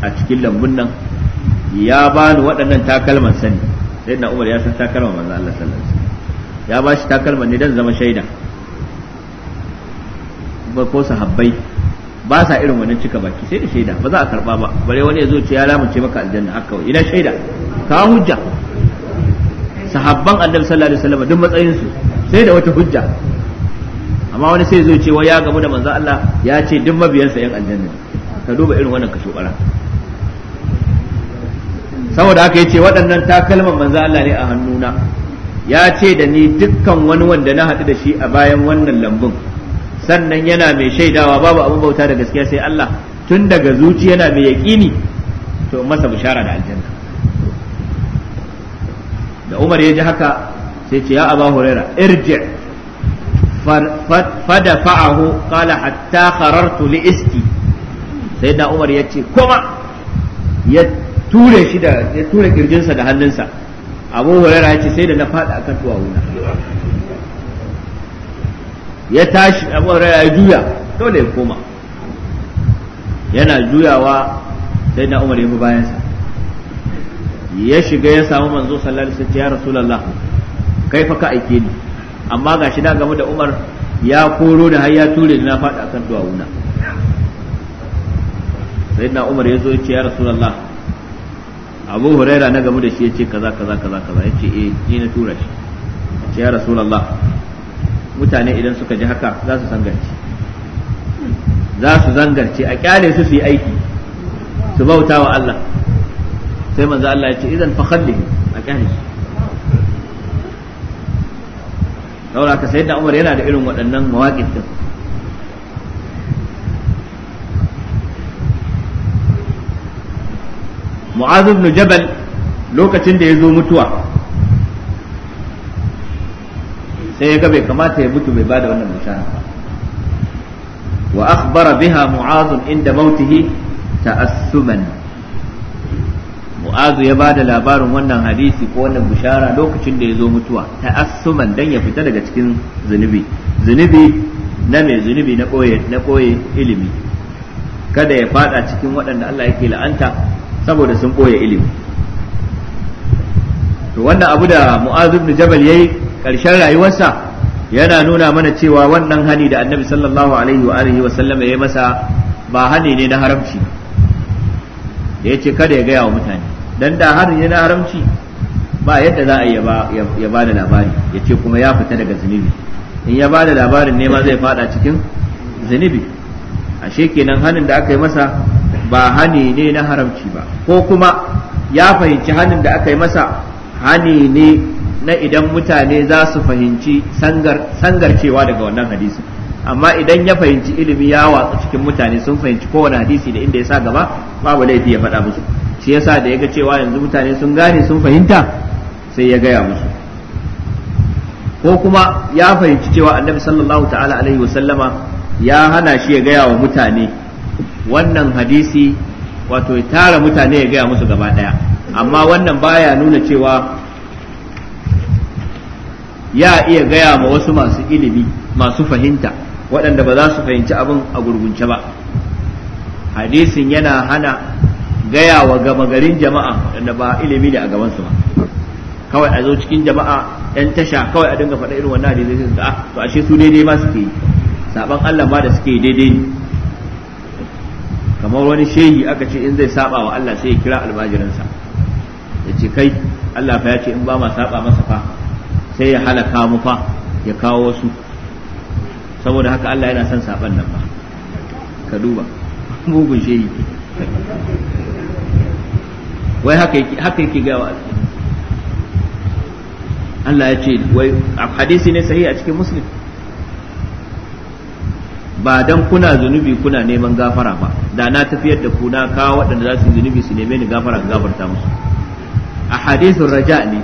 a cikin lambun nan ya bani waɗannan takalman sani da Umar ya san takalman manzo Allah sallallahu alaihi wasallam ya ba shi takalman ne dan zama shaida ba ko sahabbai ba sa irin wannan cika baki sai da shaida ba za a karba ba bare wani ya zo ce ya lamunce maka aljanna haka kawai ina shaida ka hujja sahabban annabi sallallahu alaihi wasallam duk matsayin su sai da wata hujja amma wani sai zai ce wai ya gamu da manzo Allah ya ce duk mabiyansa yan aljanna ka duba irin wannan ka bara saboda haka ce waɗannan takalman manzo Allah ne a hannuna ya ce da ni dukkan wani wanda na haɗu da shi a bayan wannan lambun sannan yana mai shaidawa babu abin bauta da gaskiya sai Allah tun daga zuci yana mai yaƙini to masa bishara da aljanna da Umar ya ji haka sai ce ya Aba Huraira irji' fadafa'ahu qala hatta kharartu li isti sai da umar ya ce kuma ya ture shi da ya ture kirjinsa da hannunsa abu hurairah ya ce sai da na fada akan duwawuna ya tashi abu hurairah ya juya dole ya koma yana juyawa sai da umar ya bi bayansa ya shiga ya samu manzo sallallahu alaihi wasallam ya rasulullah kai fa ka aike ni amma ga shi na game da Umar ya koro da har ya ture na faɗa akan duwawuna sai na Umar ya zo ya ce ya Rasulullah Abu Huraira na game da shi ya ce kaza kaza kaza kaza ya ce eh ni na tura shi ya ce ya Rasulullah mutane idan suka ji haka za su zangarci za su zangarci a kyale su su yi aiki su bauta wa Allah sai manzo Allah ya ce idan fa a kyale shi saboda ka da Umar yana da irin waɗannan mawaƙin din Mu'az ibn Jabal lokacin da ya zo mutuwa sai ya ga bai kamata ya mutu bai ba da wannan bishara wa akhbara biha mu'az inda mautihi ta'assuman mu'azu ya bada labarin wannan hadisi ko wannan bishara lokacin da ya zo mutuwa ta asuman dan ya fita daga cikin zunubi zunubi na mai zunubi na koye na koye ilimi kada ya fada cikin waɗanda Allah yake la'anta saboda sun koye ilimi to wannan abu da mu'azu ibn jabal yayi karshen rayuwarsa yana nuna mana cewa wannan hani da annabi sallallahu alaihi wa alihi wa sallama yayi masa ba hani ne na haramci da ya ce kada ya gaya wa mutane dan da harin yana haramci ba yadda za a yi ya ba da labari ya ce kuma ya fita daga zunubi in ya ba da labarin ne ma zai fada cikin zunubi ashe kenan hanin da aka yi masa ba hani ne na haramci ba ko kuma ya fahimci hanin da aka yi masa hani ne na idan mutane za su fahimci sangar cewa daga wannan hadisi amma idan ya fahimci ilimi ya watsa cikin mutane sun fahimci kowane hadisi da inda ya sa gaba babu laifi ya faɗa musu shi yasa da yaga cewa yanzu mutane sun gane sun fahimta sai ya gaya musu ko kuma ya fahimci cewa annabi sallallahu ta'ala alaihi wasallama ya hana shi ya gaya wa mutane wannan hadisi wato ya tara mutane ya gaya musu gaba daya amma wannan baya nuna cewa ya iya gaya ma wasu masu ilimi masu fahimta waɗanda ba za su fahimci abin a gurgunce ba hadisin yana hana gaya wa gama garin jama'a da ba ilimi ne a gabansu ba kawai a zo cikin jama'a yan tasha kawai a dinga faɗa irin wannan hadisi sai a ah, to ashe su daidai ma suke yi saban Allah ma da suke daidai ne kamar wani shehi aka ce in zai saba wa Allah sai ya kira almajiransa ya ce kai Allah fa ya ce in ba ma saba masa fa sai ya halaka mu fa ya kawo wasu saboda haka Allah yana son saban nan ba ka duba [LAUGHS] mugun shehi wai haka yake haka a cikin Allah ya ce wai hadisi ne sahihi a cikin muslim ba dan kuna zunubi kuna neman gafara ba da na tafiyar da kuna kawo waɗanda za su zunubi su neme ni gafara gafarta musu a hadisin raja ne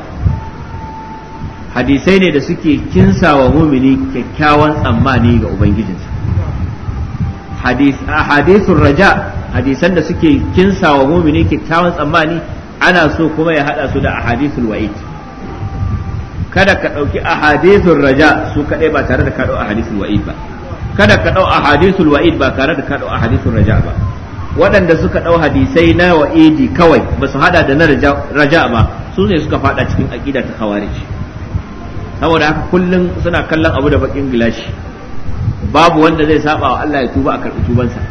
hadisai ne da suke kinsawa mumini kyakkyawan tsammani ga ubangijinsa a hadisin raja hadisan da suke kinsa wa mumini kyakkyawan tsammani ana so kuma ya hada su da ahadithul wa'id kada ka dauki ahadithul raja su kadai ba tare da ka dau ahadithul wa'id ba kada ka dau ahadithul wa'id ba tare da ka dau ahadithul raja ba waɗanda suka dau hadisai na wa'idi kawai ba su hada da na raja ba su ne suka fada cikin aqida ta khawarij saboda haka kullum suna kallon abu da bakin gilashi babu wanda zai saba wa Allah ya tuba a karɓi tubansa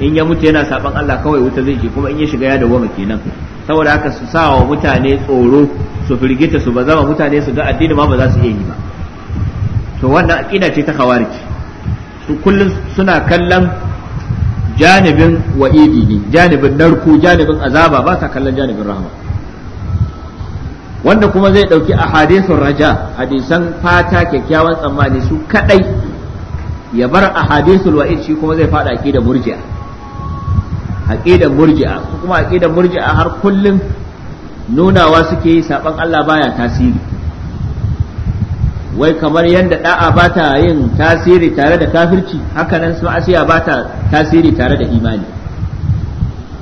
in ya mutu yana saban Allah kawai wuta zai je kuma in ya shiga ya dawwama kenan saboda haka su sa wa mutane tsoro su firgita su ba zama mutane su ga addini ma ba za su iya yi ba to wannan aqida ce ta khawarij su kullun suna kallon janibin wa'idi ne janibin narko janibin azaba ba sa kallon janibin rahama wanda kuma zai dauki ahadithun raja hadisan fata kyakkyawan tsammani su kadai ya bar ahadithul wa'id shi kuma zai fada da murji'a aqidar murji'a kuma aqidar murji'a har kullum nunawa suke yi saban Allah baya tasiri wai kamar yadda da'a ba ta yin tasiri tare da kafirci hakanan su asiya ba ta tasiri tare da imani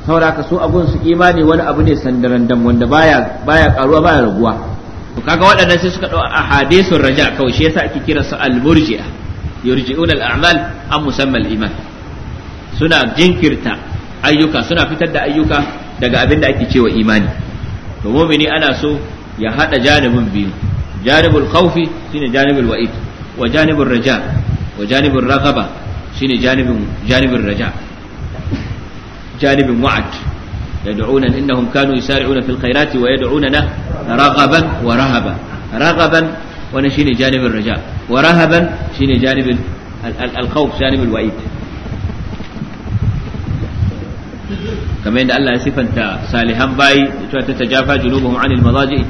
saboda su abun su imani wani abu ne sandarandam wanda baya baya karuwa baya raguwa to kaga waɗannan sai suka ɗau a raja kawai shi yasa ake kira su al-murji'a yurji'una al-a'mal an al iman suna jinkirta ayyuka suna fitar da ayyuka daga abin da ake cewa imani to mumini ana so ya hada janibin biyu janibul khawfi shine janibul wa'id wa janibul raja wa janibul raghaba shine janibin janibul raja janibin wa'ad yad'una innahum kanu yusari'una fil khairati wa yad'unana raghaban wa rahaban raghaban wannan shine janibin raja wa rahaban shine janibin al-khawf janibul wa'id kamar yadda Allah ya sifanta salihan bayi da ta jafa junubuhum anil madaji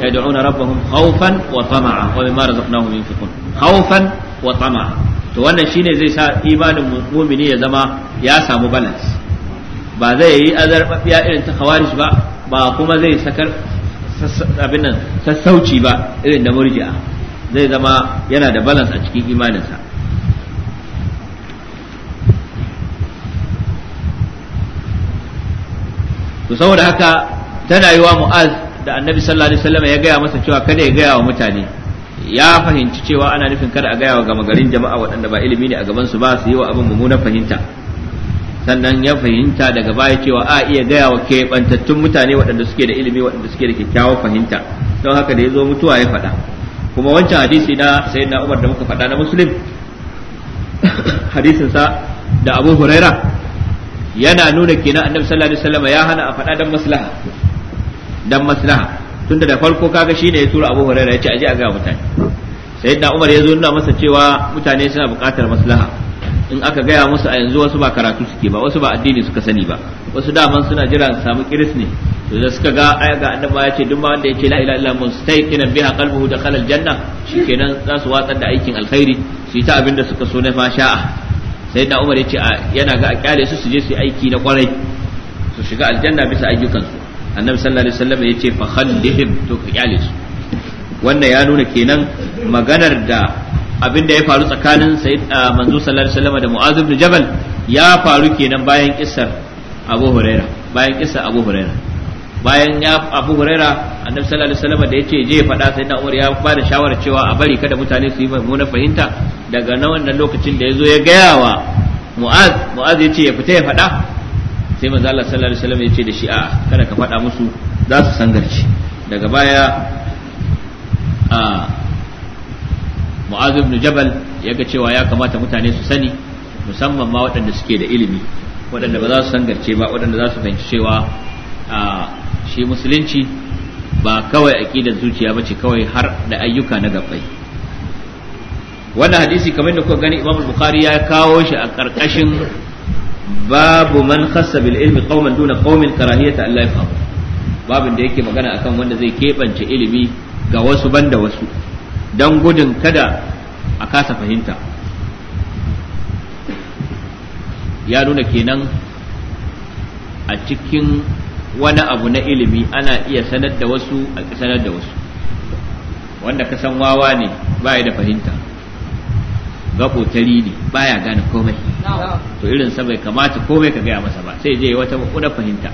yad'una rabbahum khawfan wa tama'a wa to wannan shine zai sa imanin mu'mini ya zama ya samu balance ba zai yi azarbabiya irin ta khawarij ba ba kuma zai sakar abin nan sassauci ba irin da murji'a zai zama yana da balance a cikin imaninsa to saboda haka tana yi wa mu'az da annabi sallallahu alaihi wasallam ya gaya masa cewa kada ya gaya wa mutane ya fahimci cewa ana nufin kada a gaya wa gama garin jama'a waɗanda ba ilimi ne a gaban su ba su yi wa abin mummunan fahimta sannan ya fahimta daga baya cewa a iya gaya wa keɓantattun mutane waɗanda suke da ilimi waɗanda suke da kyakkyawar fahimta don haka da ya zo mutuwa ya faɗa kuma wancan hadisi na sayyidina umar da muka faɗa na muslim [COUGHS] hadisin sa da abu huraira yana nuna kenan annabi sallallahu alaihi wasallam ya hana a faɗa dan maslaha dan maslaha tunda da farko kaga shine ya tura Abu Hurairah ya ce aje a ga mutane sayyidina Umar ya zo nuna masa cewa mutane suna buƙatar maslaha in aka gaya musu a yanzu wasu ba karatu suke ba wasu ba addini suka sani ba wasu daman suna jira su samu kiris ne to da suka ga aya ga annabi ya ce duk wanda ya ce la ilaha illallah mustaqina biha qalbuhu dakhala aljanna shikenan za su watsar da aikin alkhairi su yi ta abin da suka so na fasha'a sai na umar ce yana ga a kyale su su je su aiki na kwarai su shiga aljanna bisa ayyukan annabi sallallahu alaihi wasallam ce fa khallihim to ka kyale su wannan ya nuna kenan maganar da abin da ya faru tsakanin sayyid manzo sallallahu alaihi wasallam da mu'adh ibn jabal ya faru kenan bayan kissar abu huraira bayan kissar abu huraira bayan ya abu huraira annabi sallallahu alaihi wasallam da yace je ya faɗa sai na umar ya ba da shawara cewa a bari kada mutane su yi mummunar fahimta daga na wannan lokacin da ya zo ya gaya wa mu'az mu'az ya ce ya fita ya faɗa sai manzo Allah sallallahu alaihi wasallam ya ce da shi a kada ka faɗa musu za su garci. daga baya a mu'az ibn jabal ya ga cewa ya kamata mutane su sani musamman ma waɗanda suke da ilimi waɗanda ba za su sangarce ba waɗanda za su fahimci cewa a shi musulunci ba kawai aƙidar zuciya ba ce kawai har da ayyuka na gabbai wannan hadisi kamar da kuka gani imam bukhari ya kawo shi a karkashin babu man khassa bil ilmi qauman duna qaumin karahiyata Allah ya babin da yake magana akan wanda zai keɓance ilimi ga wasu banda wasu don gudun kada a kasa fahimta ya nuna kenan a cikin wani abu na ilimi ana iya sanar da wasu a sanar da wasu wanda ka wawa ne ba da fahimta gabo tari ne baya gane komai to irin sa bai kamata komai ka gaya masa ba sai je wata makuda fahimta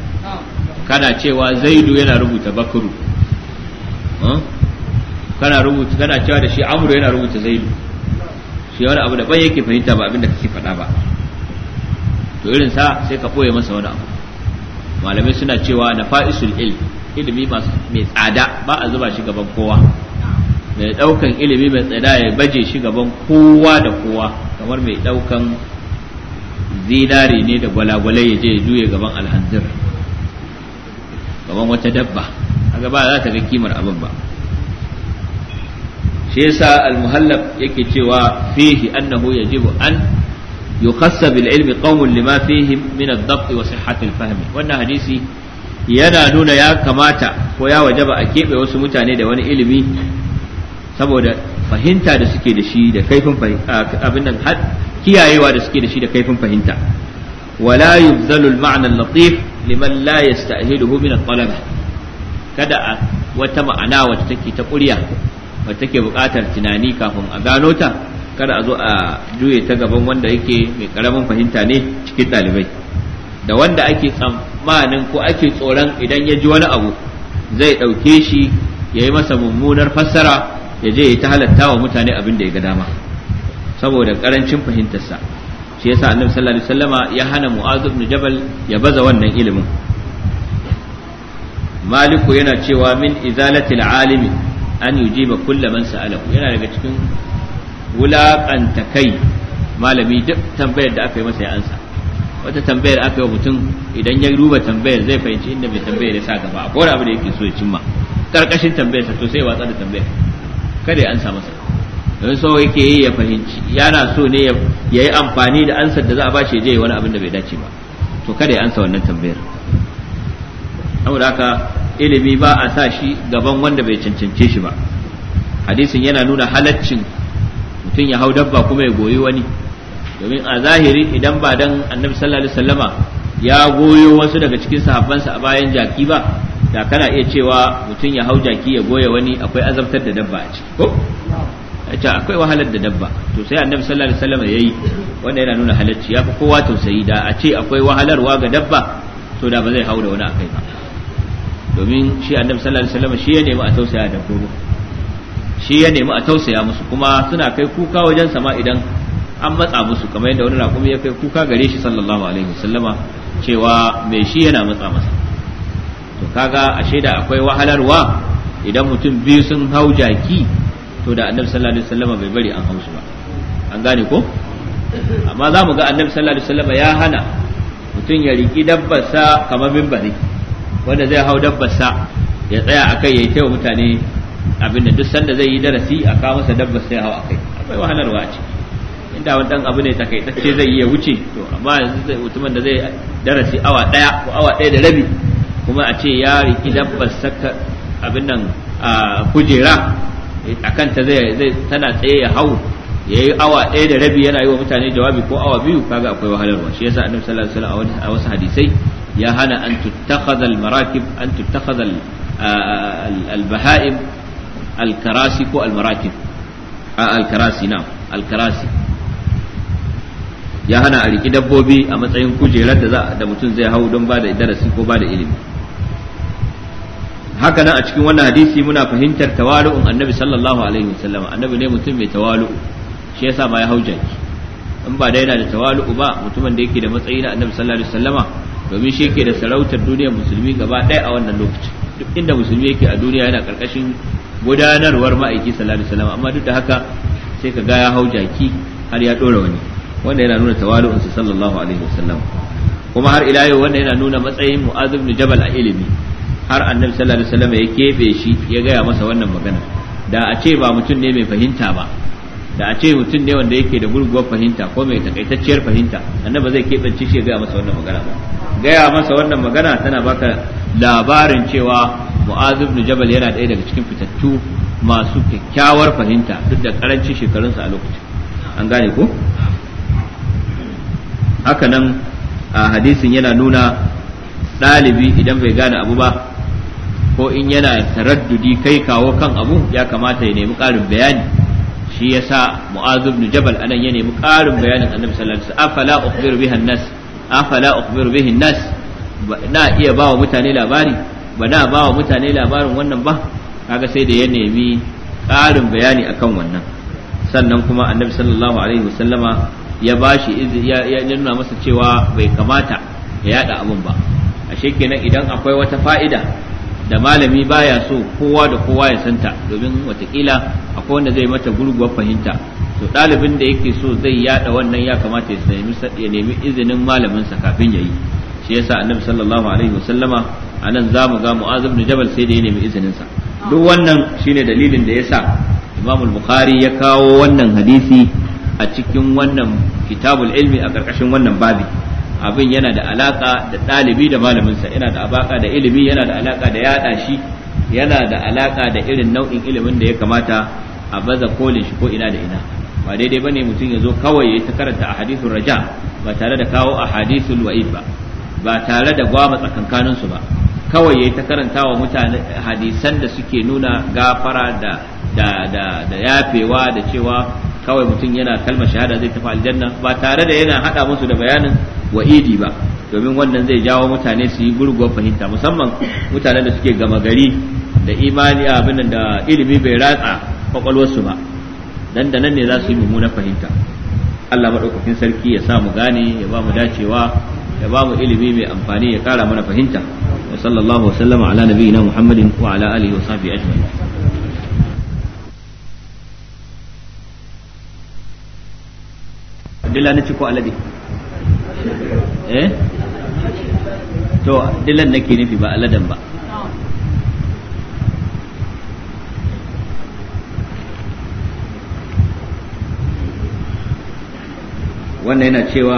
kana cewa zaidu yana rubuta bakru kana rubuta kana cewa da shi amru yana rubuta zaidu shi wani abu da ban yake fahimta ba abin da kake faɗa ba to irin sa sai ka ɓoye masa wani abu malamai suna cewa na fa'isul ilmi ilimi mai tsada ba a zuba shi gaban kowa mai daukan ilimi mai tsada ya baje shi gaban kowa da kowa kamar mai daukan zinare ne da gwalagwalai ya je ya juye gaban alhanzir gaban wata dabba a ba za ta ga kimar abin ba shi yasa al yake cewa fihi annahu yajibu an yukhassa bil ilmi qaumun lima fihi min ad-dabt wa sihhat al wannan hadisi yana nuna ya kamata ko ya wajaba a keɓe wasu mutane da wani ilimi saboda fahimta da suke da shi da kaifin abin nan kiyayewa da suke da shi da kaifin fahimta wala yubzalu al-ma'na al-latif liman la yasta'hiluhu min al-talaba kada a wata ma'ana wacce take ta ƙurya wacce take buƙatar tunani kafin a gano ta kada a zo a juye ta gaban wanda yake mai ƙaramin fahimta ne cikin ɗalibai da wanda ake tsammanin ko ake tsoron idan ya ji wani abu zai ɗauke shi ya yi masa mummunar fassara ya je ya ta halatta wa mutane abin da ya ga dama saboda karancin fahimtarsa shi yasa annabi sallallahu alaihi wasallama ya hana mu'az ibn jabal ya baza wannan ilimin maliku yana cewa min izalatil alimi an yujiba kullu man sa'alahu yana daga cikin wulaƙanta kai malami duk tambayar da aka yi masa ya ansa wata tambayar aka yi mutum idan ya duba tambayar zai fahimci inda mai tambayar ya sa gaba a kowane abu da yake so ya cimma karkashin tambayar sa to sai watsa da tambayar kada ya ansa masa don so yake yi ya fahimci yana so ne ya yi amfani da ansar da za a bashi je wani abin da bai dace ba to kada ya ansa wannan tambayar saboda haka ilimi ba a sa shi gaban wanda bai cancance shi ba hadisin yana nuna halaccin mutum ya hau dabba kuma ya goyi wani domin a zahiri idan ba dan annabi sallallahu alaihi wasallama ya goyo wasu daga cikin sahabbansa a bayan jaki ba da kana iya cewa mutum ya hau jaki ya goya wani akwai azabtar da dabba a ciki ko ta akwai wahalar da dabba to sai annabi sallallahu alaihi wasallam yayi wanda yana nuna halacci yafi kowa tausayi da a ce akwai wahalarwa ga dabba to da ba zai hau da wani akai ba domin shi annabi sallallahu alaihi wasallam shi ya nemi a tausaya da dabbobi shi ya nemi a tausaya musu kuma suna kai kuka wajen sama idan an matsa musu kamar yadda wani raƙumi ya kai kuka gare shi sallallahu alaihi wasallama cewa mai shi yana matsa masa kaga a shaida akwai wahalarwa idan mutum biyu sun hau jaki to da annabi sallallahu alaihi wasallam bai bari an hausu ba an gane ko amma za mu ga annabi sallallahu alaihi wasallam ya hana mutum ya riki dabbarsa kamar mimbari wanda zai hau dabbarsa ya tsaya akai ya yi taiwa mutane abin da duk sanda zai yi darasi a kawo masa dabbar sai hau akai akwai wahalarwa a ciki inda wani dan abu ne takaitacce zai yi ya wuce to amma yanzu zai mutumin da zai darasi awa daya ko awa daya da rabi kuma a ce ya riki dabbar saka abin nan a kujera a kanta zai zai tana tsaye ya hau ya yi awa ɗaya da rabi yana yi wa mutane jawabi ko awa biyu kaga akwai wahalarwa shi yasa annabi sallallahu alaihi wasallam a wasu hadisai ya hana an tuttakhadha marakib an tuttakhadha al-baha'im al-karasi ko al a al-karasi na al-karasi ya hana a riki dabbobi a matsayin kujerar da mutum zai hau don ba da darasi ko ba da ilimi haka nan a cikin wannan hadisi muna fahimtar tawalu'un annabi sallallahu alaihi wasallam annabi ne mutum mai tawalu'u shi yasa ba ya hauja ki in ba dai yana da tawalu'u ba mutumin da yake da matsayi na annabi sallallahu alaihi wasallama domin shi yake da sarautar duniyar musulmi gaba ɗaya a wannan lokacin duk inda musulmi yake a duniya yana karkashin gudanarwar ma'aiki sallallahu alaihi wasallama amma duk da haka sai ka ga ya hauja ki har ya dora wani wanda yana nuna tawalu'unsa sallallahu alaihi wasallama kuma har ila yau wanda yana nuna matsayin mu'adh ibn jabal a ilimi har annabi sallallahu alaihi wasallam ya kefe shi ya gaya masa wannan magana da a ce ba mutum ne mai fahimta ba da a ce mutum ne wanda yake da gurguwar fahimta ko mai takaitacciyar fahimta annabi zai kebe shi ya gaya masa wannan magana ba gaya masa wannan magana tana baka labarin cewa mu'az ibn jabal yana ɗaya daga cikin fitattu masu kyakkyawar fahimta duk da karancin shekarunsa a lokacin an gane ko haka nan a hadisin yana nuna ɗalibi idan bai gane abu ba ko in yana taraddudi kai kawo kan abu ya kamata ya nemi ƙarin bayani shi yasa mu'adh ibn jabal anan ya nemi ƙarin bayanin annabi sallallahu alaihi wasallam afala ukhbiru bihan nas afala ukhbiru bihin nas na iya ba wa mutane labari ba na ba wa mutane labarin wannan ba kaga sai da ya nemi ƙarin bayani akan wannan sannan kuma annabi sallallahu alaihi wasallama ya bashi ya nuna masa cewa bai kamata ya yada abun ba ashe kenan idan akwai wata fa'ida da malami baya so kowa da kowa ya santa domin watakila akwai wanda zai mata gurguwar fahimta to ɗalibin da yake so zai yada wannan ya kamata ya nemi izinin malaminsa kafin ya yi shi yasa annabi sallallahu alaihi wasallama a nan za mu ga mu'azab da jabal sai da ya nemi izinin sa. duk wannan shine dalilin da yasa imam bukhari ya kawo wannan hadisi a cikin wannan kitabul ilmi a ƙarƙashin wannan babi abin yana da alaka da ɗalibi da malaminsa yana da abaka da ilimi yana da alaka da yada shi yana da alaka da irin nau'in ilimin da ya kamata a baza kolin shi ko ina da ina ba daidai bane mutum ya zo kawai ya ta karanta a hadisin raja ba tare da kawo a hadisin wa'id ba ba tare da gwama su ba kawai ya ta karanta wa mutane hadisan da suke nuna gafara da da yafewa da cewa kawai mutum yana kalma shahada zai tafi aljanna ba tare da yana hada musu da bayanin wa'idi ba domin wannan zai jawo mutane su yi gurguwar fahimta musamman mutanen da suke gama gari da imani abin da ilimi bai ratsa kwakwalwarsu ba dan da nan ne za su yi mummunar fahimta Allah maɗaukakin sarki ya sa mu gane ya ba mu dacewa ya ba mu ilimi mai amfani ya kara mana fahimta wa sallallahu wa sallama ala nabiyina muhammadin wa ala alihi wa sahbihi ajma'in dila na ci ko alade eh to dilan nake nufi ba aladen ba wannan yana cewa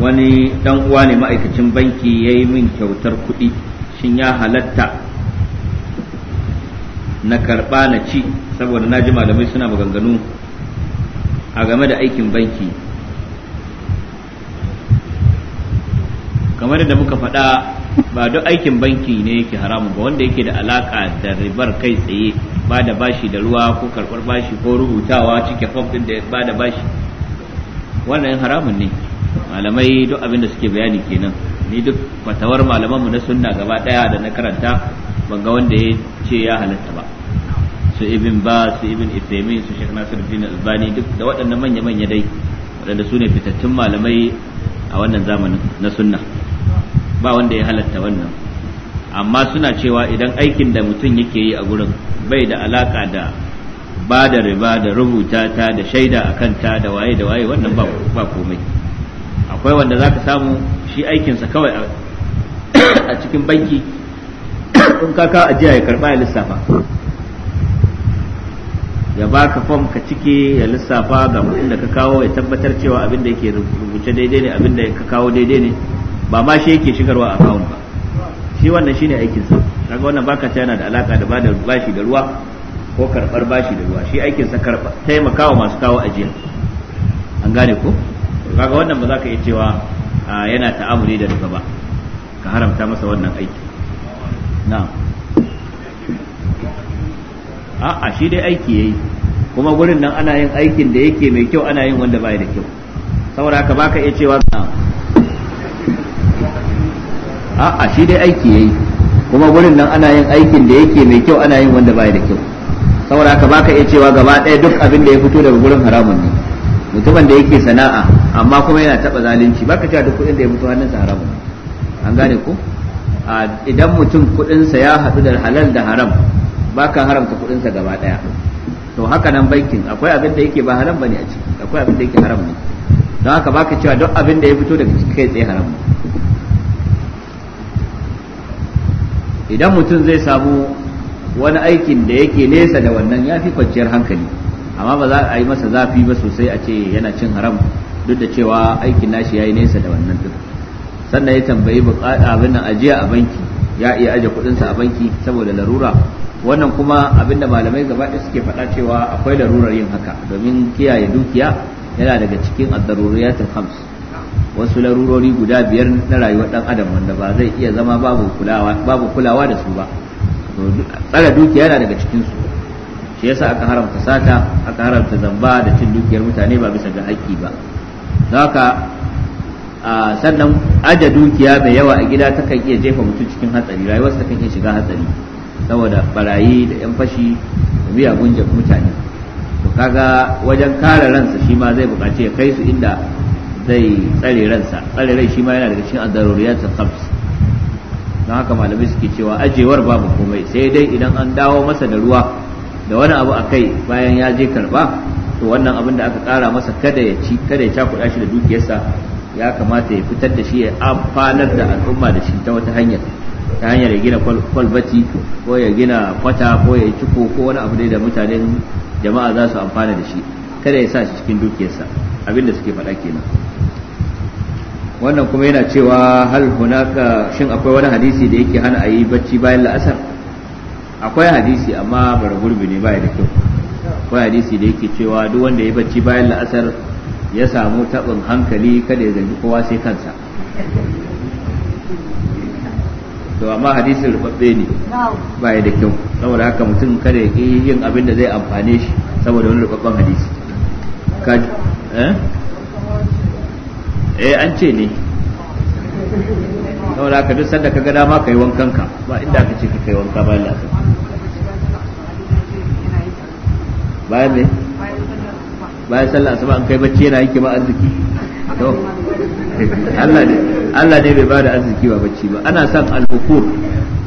wani dan uwa ne ma'aikacin banki ya yi min kyautar kuɗi shin ya halatta na karɓa na ci saboda na ji malamai suna maganganu a game da aikin banki kamar da muka faɗa ba duk aikin banki ne yake haramun ba wanda yake da alaka da ribar kai tsaye ba da bashi da ruwa ko karɓar bashi ko rubutawa cike fom din da ba da bashi wannan haramun ne malamai duk abin da suke bayani kenan ni duk fatawar malamanmu na sunna gaba ɗaya da na karanta ban ga wanda ya ce ya halatta ba su ibn ba su ibn ifemin su shekh nasiruddin albani duk da waɗannan manya-manya dai waɗanda su ne fitattun malamai a wannan zamanin na sunna ba wanda ya halatta wannan amma suna cewa idan aikin da mutum yake yi a gurin bai da alaka da ba da riba da rubuta ta da shaida a kanta da waye da waye wannan ba komai akwai wanda zaka samu shi aikinsa kawai a cikin banki in kaka ajiya ya karba ya lissafa ya baka fom ka cike ya lissafa ga inda ka kawo ya tabbatar cewa abin da yake rubuce daidai ne abin da ka kawo daidai ne ba ma shi yake shigarwa a kawon ba shi wannan shine aikin sa kaga wannan baka ta yana da alaka da bada bashi da ruwa ko karbar bashi da ruwa shi aikin karba taimakawa masu kawo ajiya an gane ko kaga wannan ba za ka iya cewa ah, yana ta'amuli da daga ba ka haramta masa wannan aiki na'am a'a shi dai aiki yayi kuma gurin nan ana yin aikin da yake mai kyau ana yin wanda bai da kyau saboda haka baka iya cewa a'a shi dai aiki yayi kuma gurin nan ana yin aikin da yake mai kyau ana yin wanda bai da kyau saboda haka baka iya cewa gaba ɗaya duk abin da ya fito daga gurin haramun ne mutumin da yake sana'a amma kuma yana taɓa zalunci baka cewa duk kuɗin da ya fito hannunsa haramun an gane ko idan mutum kuɗinsa ya haɗu da halal da haram baka haramta kudin sa gaba daya to haka nan bankin akwai abin da yake ba haram bane a ciki akwai abin da yake haram ne don haka baka cewa duk abin da ya fito daga ciki kai tsaye haram ne idan mutum zai samu wani aikin da yake nesa da wannan ya fi kwanciyar hankali amma ba za a yi masa zafi ba sosai a ce yana cin haram duk da cewa aikin nashi yayi nesa da wannan duk sannan ya tambayi abin nan ajiya a banki ya iya aje kudinsa a banki saboda larura wannan kuma abinda malamai gaba ɗaya suke faɗa cewa akwai larurar yin haka domin kiyaye dukiya yana daga cikin addaruriyatul khams wasu larurori guda biyar na rayuwar dan adam wanda ba zai iya zama babu kulawa babu kulawa da su ba tsara dukiya yana daga cikin su shi yasa aka haramta sata aka haramta zamba da cin dukiyar mutane ba bisa ga haƙƙi ba haka sannan aje dukiya mai yawa a gida takan iya jefa mutum cikin hatsari rayuwarsa takan iya shiga hatsari saboda barayi da 'yan fashi da miyagun mutane to kaga wajen kare ransa shi ma zai buƙaci ya kai su inda zai tsare ransa tsare rai shi ma yana daga cikin adaruriyatul khams don haka malamai suke cewa ajewar babu komai sai dai idan an dawo masa da ruwa da wani abu a kai bayan ya je karba to wannan abin da aka kara masa kada ya ci kada ya cakuɗa shi da dukiyarsa ya kamata ya fitar da shi ya amfanar da al'umma da shi ta wata hanyar ta hanyar ya gina kwalbati ko ya gina kwata ko ya ciko ko wani abu da mutanen jama'a za su amfana da shi kada ya sa shi cikin dukiyarsa abinda suke faɗa kenan wannan kuma yana cewa hal hunaka shin akwai wani hadisi da yake hana a yi bacci bayan la'asar akwai hadisi amma bara gurbi ne baya da kyau akwai hadisi da yake cewa duk wanda ya yi bacci bayan la'asar ya samu taɓin hankali kada ya zargi kowa sai kansa to amma hadisin rubabbe ne ba ya da kyau saboda haka mutum kada ya ƙi yin abin da zai amfane shi saboda wani rubabban hadisi eh? eh an ce ne saboda haka duk sanda ka ga dama kai wankan ka ba inda aka ce ka kai wanka bayan lasar bayan ne bayan sallah asuba an kai bacci yana yake ba arziki to Allah ne Allah ne bai bada arziki ba bacci ba ana son albukur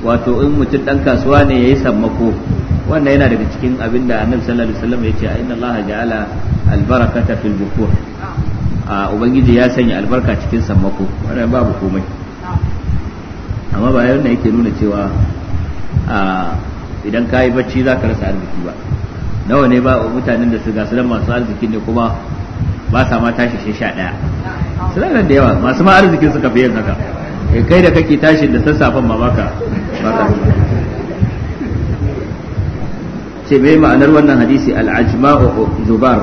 wato in mutum dan kasuwa ne yayi sammako wannan yana daga cikin abin da annabi sallallahu alaihi wasallam yace inna Allah ja'ala al-barakata fil bukur a ubangiji ya sanya albarka cikin sammako wannan babu komai amma ba yana yake nuna cewa a idan kayi bacci zaka rasa arziki ba nawa ne ba mutanen da su gasu da masu arziki ne kuma ba sa ma tashi shi sha daya suna nan da yawa masu ma arzikin suka fiye yin haka eh, kai da kake tashi da sassafen ma baka ce mai ma'anar wannan hadisi al-ajma'u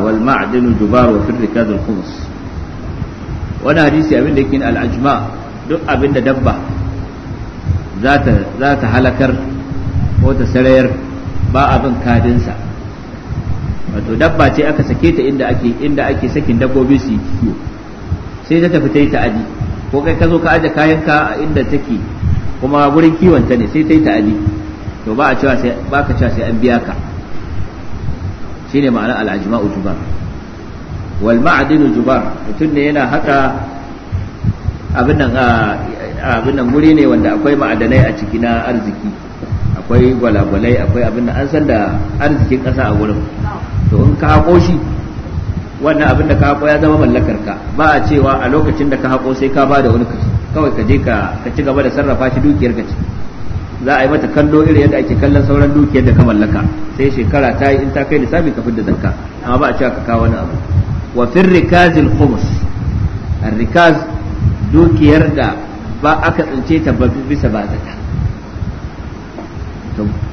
wal ma'adinu zubar wa fil rikaz al wannan hadisi abin da yake al al'ajma duk abin da dabba za ta halakar ko ta sarayar ba abin kadinsa wato dabba ce aka sake ta inda ake inda ake sakin dabbobi su yi kiwo sai ta tafi ta yi ta'adi ko kai ka zo ka aje kayanka a inda take kuma gurin kiwonta ne sai ta yi ta'adi to ba a cewa sai ba ka cewa sai an biya ka shine ma'anar al'ajma'u jubar wal ma'adinu jubar mutum ne yana haka abin nan abin nan guri ne wanda akwai ma'adanai a ciki na arziki akwai gwalagwalai akwai abin nan an san da arzikin ƙasa a gurin to in ka haƙo shi wannan abin da ka haƙo ya zama mallakar ka ba a cewa a lokacin da ka haƙo sai ka ba da wani kashi kawai ka je ka ci gaba da sarrafa shi dukiyar ka ci. za a yi mata kallo irin yadda ake kallon sauran dukiyar da ka mallaka sai shekara ta yi in ta kai lissafi ka fidda zakka amma ba a cewa ka kawo wani abu wa fir rikazil khums rikaz dukiyar da ba aka tsince ta ba bisa ba zata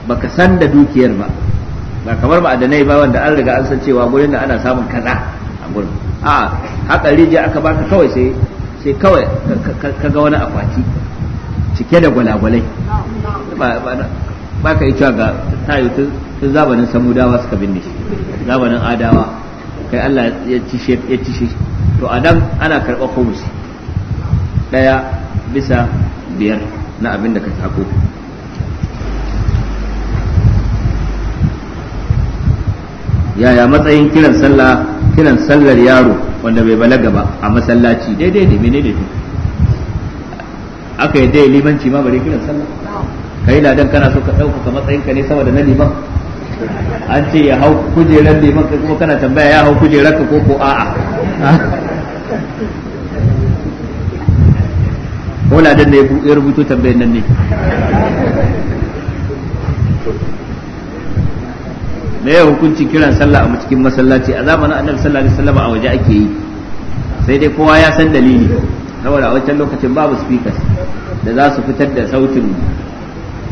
baka san da dukiyar ba ba kamar ba ma'adanai ba wanda an riga an san cewa gurin da ana samun kaza gurin a haka rijiya aka baka kawai sai sai kawai ka ga wani akwati cike da gwalagwalai ba ka yi cewa ga tayo tun zabanin samudawa suka binne shi zabanin adawa kai Allah ya ci shi to a dan ana karɓar kumusi ɗaya bisa biyar na abin da ka tako yaya matsayin kiran sallah kiran sallar yaro wanda bai balaga ba a masallaci daidai ne menene ne aka yadda ya limanci ma bari kiran sallar kai ladan kana so ka ɗaukaka matsayinka ne saboda na liman an ce ya hau kujerar liman ka kuma kana tambaya ya hau kujerar ka ko ko a'a ko ladan da ya rubuto tambayar nan ne me ya hukuncin kiran sallah a cikin masallaci a zamanin annabi sallallahu alaihi wasallam a waje ake yi sai dai kowa ya san dalili saboda a wancan lokacin babu speakers da za su fitar da sautin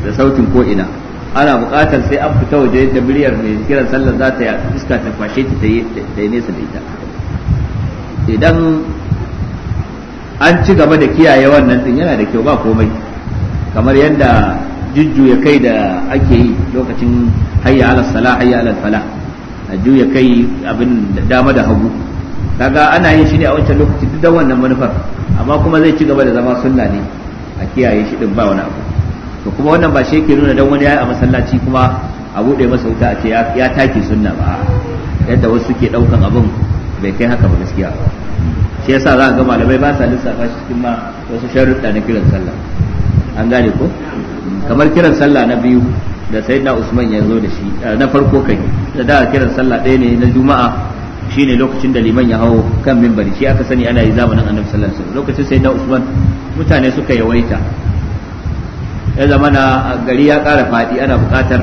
da sautin ko ina ana buƙatar sai an fita waje da muryar mai kiran sallar za ta iska ta kwashe ta ta yi nesa da ita idan an ci gaba da kiyaye wannan din yana da kyau ba komai kamar yadda jujjuya kai da ake yi lokacin hayya ala sala hayya ala fala a juya kai abin dama da hagu kaga ana yin shi ne a wancan lokaci duk da wannan manufar amma kuma zai ci gaba da zama sunna ne a kiyaye shi din ba wani abu to kuma wannan ba shi yake nuna dan wani yayi a masallaci kuma a bude masa wuta a ce ya take sunna ba yadda wasu ke daukan abin bai kai haka ba gaskiya shi yasa za ga malamai ba sa lissafa shi cikin ma wasu sharuɗa na kiran sallah an gane ko kamar kiran sallah na biyu da na usman ya zo da shi eh, na farko kai da da kiran sallah ɗaya ne na juma'a shine lokacin da liman ya hawo kan mimbari shi aka sani ana yi zamanin annabi sallallahu alaihi wasallam lokacin na usman mutane suka yawaita ya zamana gari ya ƙara fadi ana buƙatar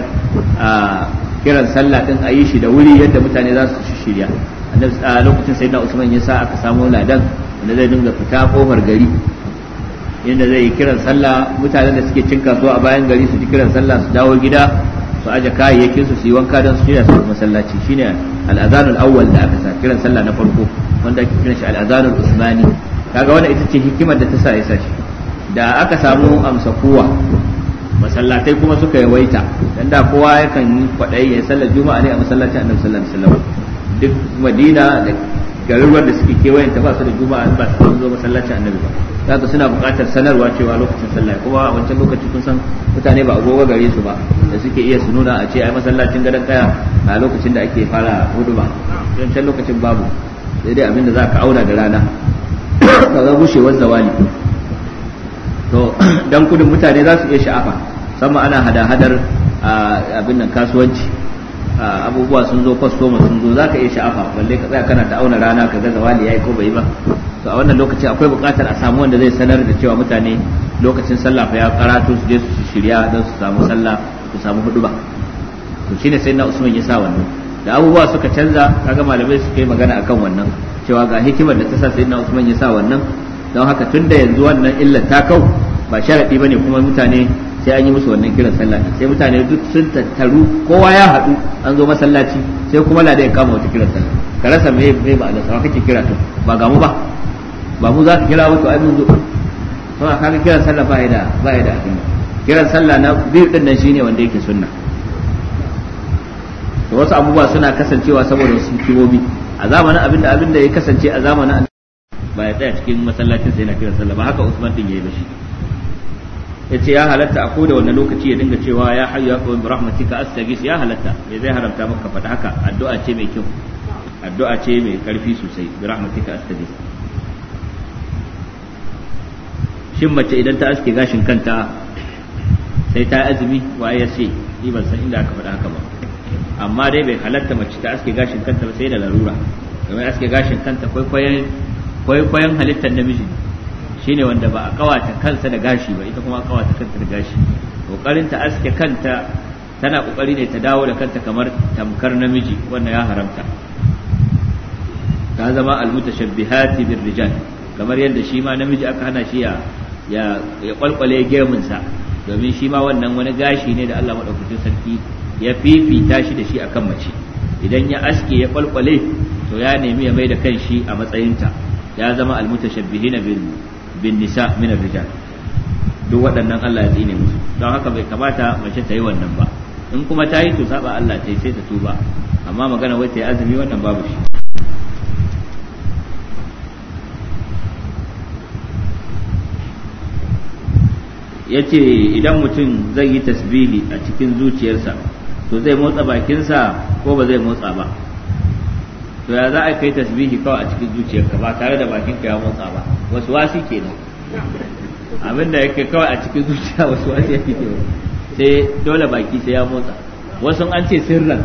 kiran sallah din a yi shi da wuri yadda mutane za su shirya a lokacin na usman ya sa aka samu ladan da zai dinga fita kofar gari inda zai yi kiran sallah mutanen da suke cin kasuwa a bayan gari su ji kiran sallah su dawo gida su aje kayayyakin su su yi wanka don su shirya su masallaci shine al-azanul awwal da aka sa kiran sallah na farko wanda ake kiran shi al-azanul usmani kaga wannan ita ce hikimar da ta sa ya shi da aka samu amsa kowa masallatai kuma suka yawaita dan da kowa yakan yi kwadai ya sallar juma'a ne a masallacin annabi sallallahu alaihi wasallam duk madina da garuruwan da suke kewayen ta ba su da juma'a ba su zo masallacin annabi ba zaka suna buƙatar sanarwa cewa lokacin sallah kuma a wancan lokaci kun san mutane ba a agogo gare su ba da suke iya su nuna a ce ai masallacin gadon kaya a lokacin da ake fara huduma wancan lokacin babu sai dai abinda za ka auna da rana ka ga gushewar zawali to dan kudin mutane za su iya sha'afa sama ana hada-hadar abin nan kasuwanci abubuwa sun zo kwastoma sun zo za ka iya sha'afa balle ka tsaya kana ta auna rana ka ga zawali ko bai ba to a wannan lokaci akwai buƙatar a samu wanda zai sanar da cewa mutane lokacin sallah ya karatu su je su shirya don su samu sallah su samu ba. to shine sai na Usman ya sa wannan da abubuwa suka canza ga malamai suka yi magana akan wannan cewa ga hikimar da ta sa sayyidina Usman ya sa wannan don haka tun da yanzu wannan illar ta kau ba sharadi bane kuma mutane sai an yi musu wannan kiran sallah sai mutane duk sun tattaru kowa ya haɗu an zo masallaci sai kuma da ya kama wata kiran sallah ka rasa me me ba da sawa kake kira to ba ga mu ba ba mu za ka kira wato ai mun zo to kaga kiran sallah ba ya da ba da abin kiran sallah na biyu din nan shine wanda yake sunna to wasu abubuwa suna kasancewa saboda wasu kibobi a zamanin abin da ya kasance a zamanin ba ya tsaya cikin masallacin sai na kiran sallah ba haka Usman din yayi ba shi ya ce ya halatta a koda wannan lokaci ya dinga cewa ya hayya ya kawai rahmatika astagis ya halatta me zai haramta maka faɗa haka addu'a ce mai kyau addu'a ce mai ƙarfi sosai bi rahmatika astagis shin mace idan ta aske gashin kanta sai ta azumi waye ya ce ni ban san inda aka faɗa haka ba amma dai bai halatta mace ta aske gashin kanta ba sai da larura domin aske gashin kanta kwaikwayon halittar namiji ne shine wanda ba a kawata kansa da gashi ba ita kuma a kawata kanta da gashi kokarin ta aske kanta tana kokari ne ta dawo da kanta kamar tamkar namiji wannan ya haramta ta zama almutashabbihati bir rijal kamar yadda shi ma namiji aka hana shi ya ya kwalkwale gemunsa domin shi ma wannan wani gashi ne da Allah madaukakin sarki ya fifita shi da shi akan mace idan ya aske ya kwalkwale to ya nemi ya mai da kan shi a matsayinta ya zama almutashabbihina Birni. bin nisa min rijal duk waɗannan Allah ya tsine musu don haka bai kamata mace ta yi wannan ba in kuma ta yi to saba Allah ta yi sai ta tuba amma magana wai ta yi azumi wannan babu shi ya ce idan mutum zai yi tasbihi a cikin zuciyarsa to zai motsa bakinsa ko ba zai motsa ba to ya za a kai tasbihi kawai a cikin zuciyarka ba tare da bakinka ya motsa ba wasu wasi kenan abin da yake kawai a cikin zuciya [LAUGHS] wasu wasi ya kenan sai dole baki sai ya motsa wasu an ce sirran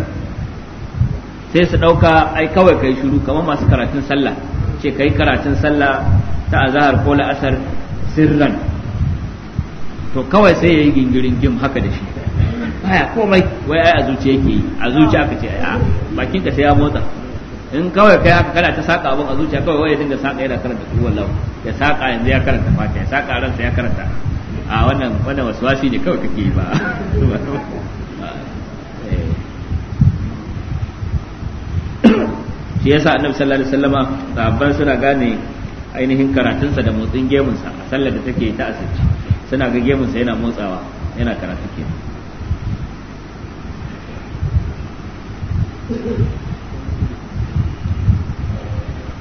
sai su ɗauka ai kawai kai shiru kamar masu karatun sallah ce kai karatun sallah ta azahar ko la'asar sirran to kawai sai ya yi gingirin gim haka da shi baya komai wai ai a zuciya yake yi a zuciya ka ce a bakinka sai ya motsa in kawai kai aka kana ta saka abin a zuciya kawai wai dinga saka yana karanta ku wallahu ya saka yanzu ya karanta fata ya saka ransa ya karanta a wannan wannan waswasi ne kawai kake ba shi yasa annabi sallallahu alaihi wasallama sahabban suna gane ainihin karatunsa da motsin gemunsa a sallar da take ta asirci suna ga gemunsa yana motsawa yana karatu kenan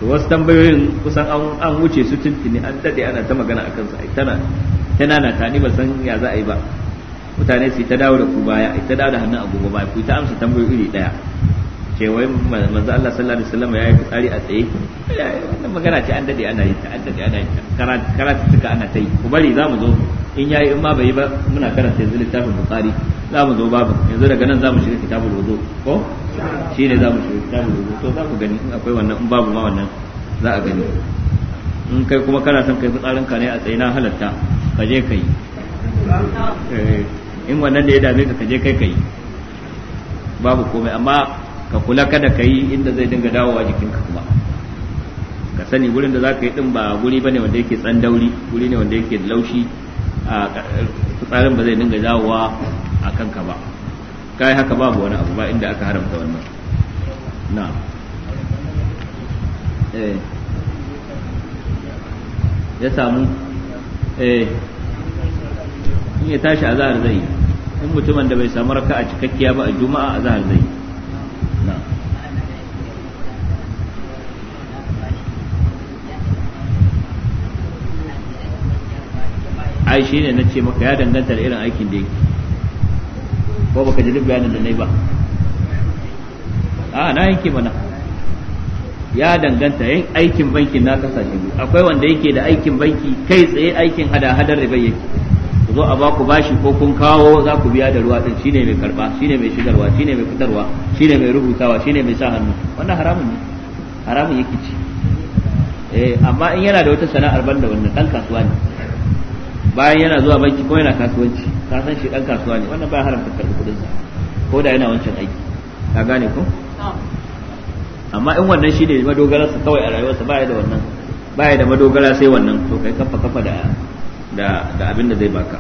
to wasu tambayoyin kusan an wuce su tuntuni an dade ana ta magana a kansu tana tana na tani ba san ya za a yi ba mutane su ta dawo da ku baya ai ta dawo da hannun agogo baya ku ta amsa tambayoyi iri daya ce wai manzo Allah sallallahu alaihi wasallam yi fitsari a tsaye wannan magana ce an dade ana yin ta an dade ana yin ta karatu tuka ana ta yi ku bari za mu zo in yayi in ma bai yi ba muna karanta yanzu littafin bukari za mu zo babu yanzu daga nan za mu shiga kitabul wudu ko shi ne za mu shiga kitabul wudu to za ku gani in akwai wannan in babu ma wannan za a gani in kai kuma kana son kai fitsarin ka ne a tsayina na halatta ka je ka yi eh, in wannan da ya dame ka ka je kai ka yi babu komai amma ka kula kada ka yi inda zai dinga dawowa jikinka kuma ka sani gurin da za ka yi din ba guri ba ne wanda yake tsandauri guri ne wanda yake laushi a tsarin ba zai dinga dawowa a kanka ba kai haka babu wani abu ba inda aka haramta wannan na eh ya samu eh in ya tashi a zahar zai in mutumin da bai samu raka a cikakkiya ba a juma'a a zahar zai ai shi ne na ce maka ya danganta da irin aikin da yake ko baka ji duk bayanin da nayi ba a na yanke mana ya danganta yin aikin bankin na kasa biyu akwai wanda yake da aikin banki kai tsaye aikin hada-hadar riba yake ku zo a ba ku bashi ko kun kawo za ku biya da ruwa din shine mai karba shine mai shigarwa shine mai fitarwa shine mai rubutawa shine mai sa hannu wannan haramun ne haramun yake ci eh amma in yana da wata sana'ar banda wannan dan kasuwa ne bayan yana zuwa banki ko yana kasuwanci ka san shi dan kasuwa ne wannan baya haramta karɓi kuɗin sa ko da yana wancan aiki ka gane ko amma in wannan shi ne sa kawai a rayuwarsa baya da wannan baya da madogara sai wannan to kai kafa kafa da da abin da zai baka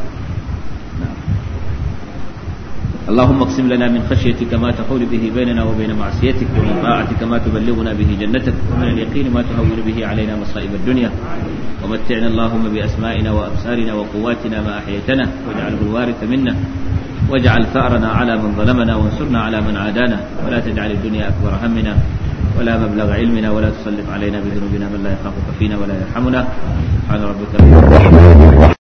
اللهم اقسم لنا من خشيتك ما تحول به بيننا وبين معصيتك ومن طاعتك ما تبلغنا به جنتك ومن اليقين ما تهون به علينا مصائب الدنيا ومتعنا اللهم بأسمائنا وأبصارنا وقواتنا ما أحييتنا واجعله الوارث منا واجعل ثأرنا على من ظلمنا وانصرنا على من عادانا ولا تجعل الدنيا أكبر همنا ولا مبلغ علمنا ولا تسلط علينا بذنوبنا من لا يخافك فينا ولا يرحمنا سبحان ربك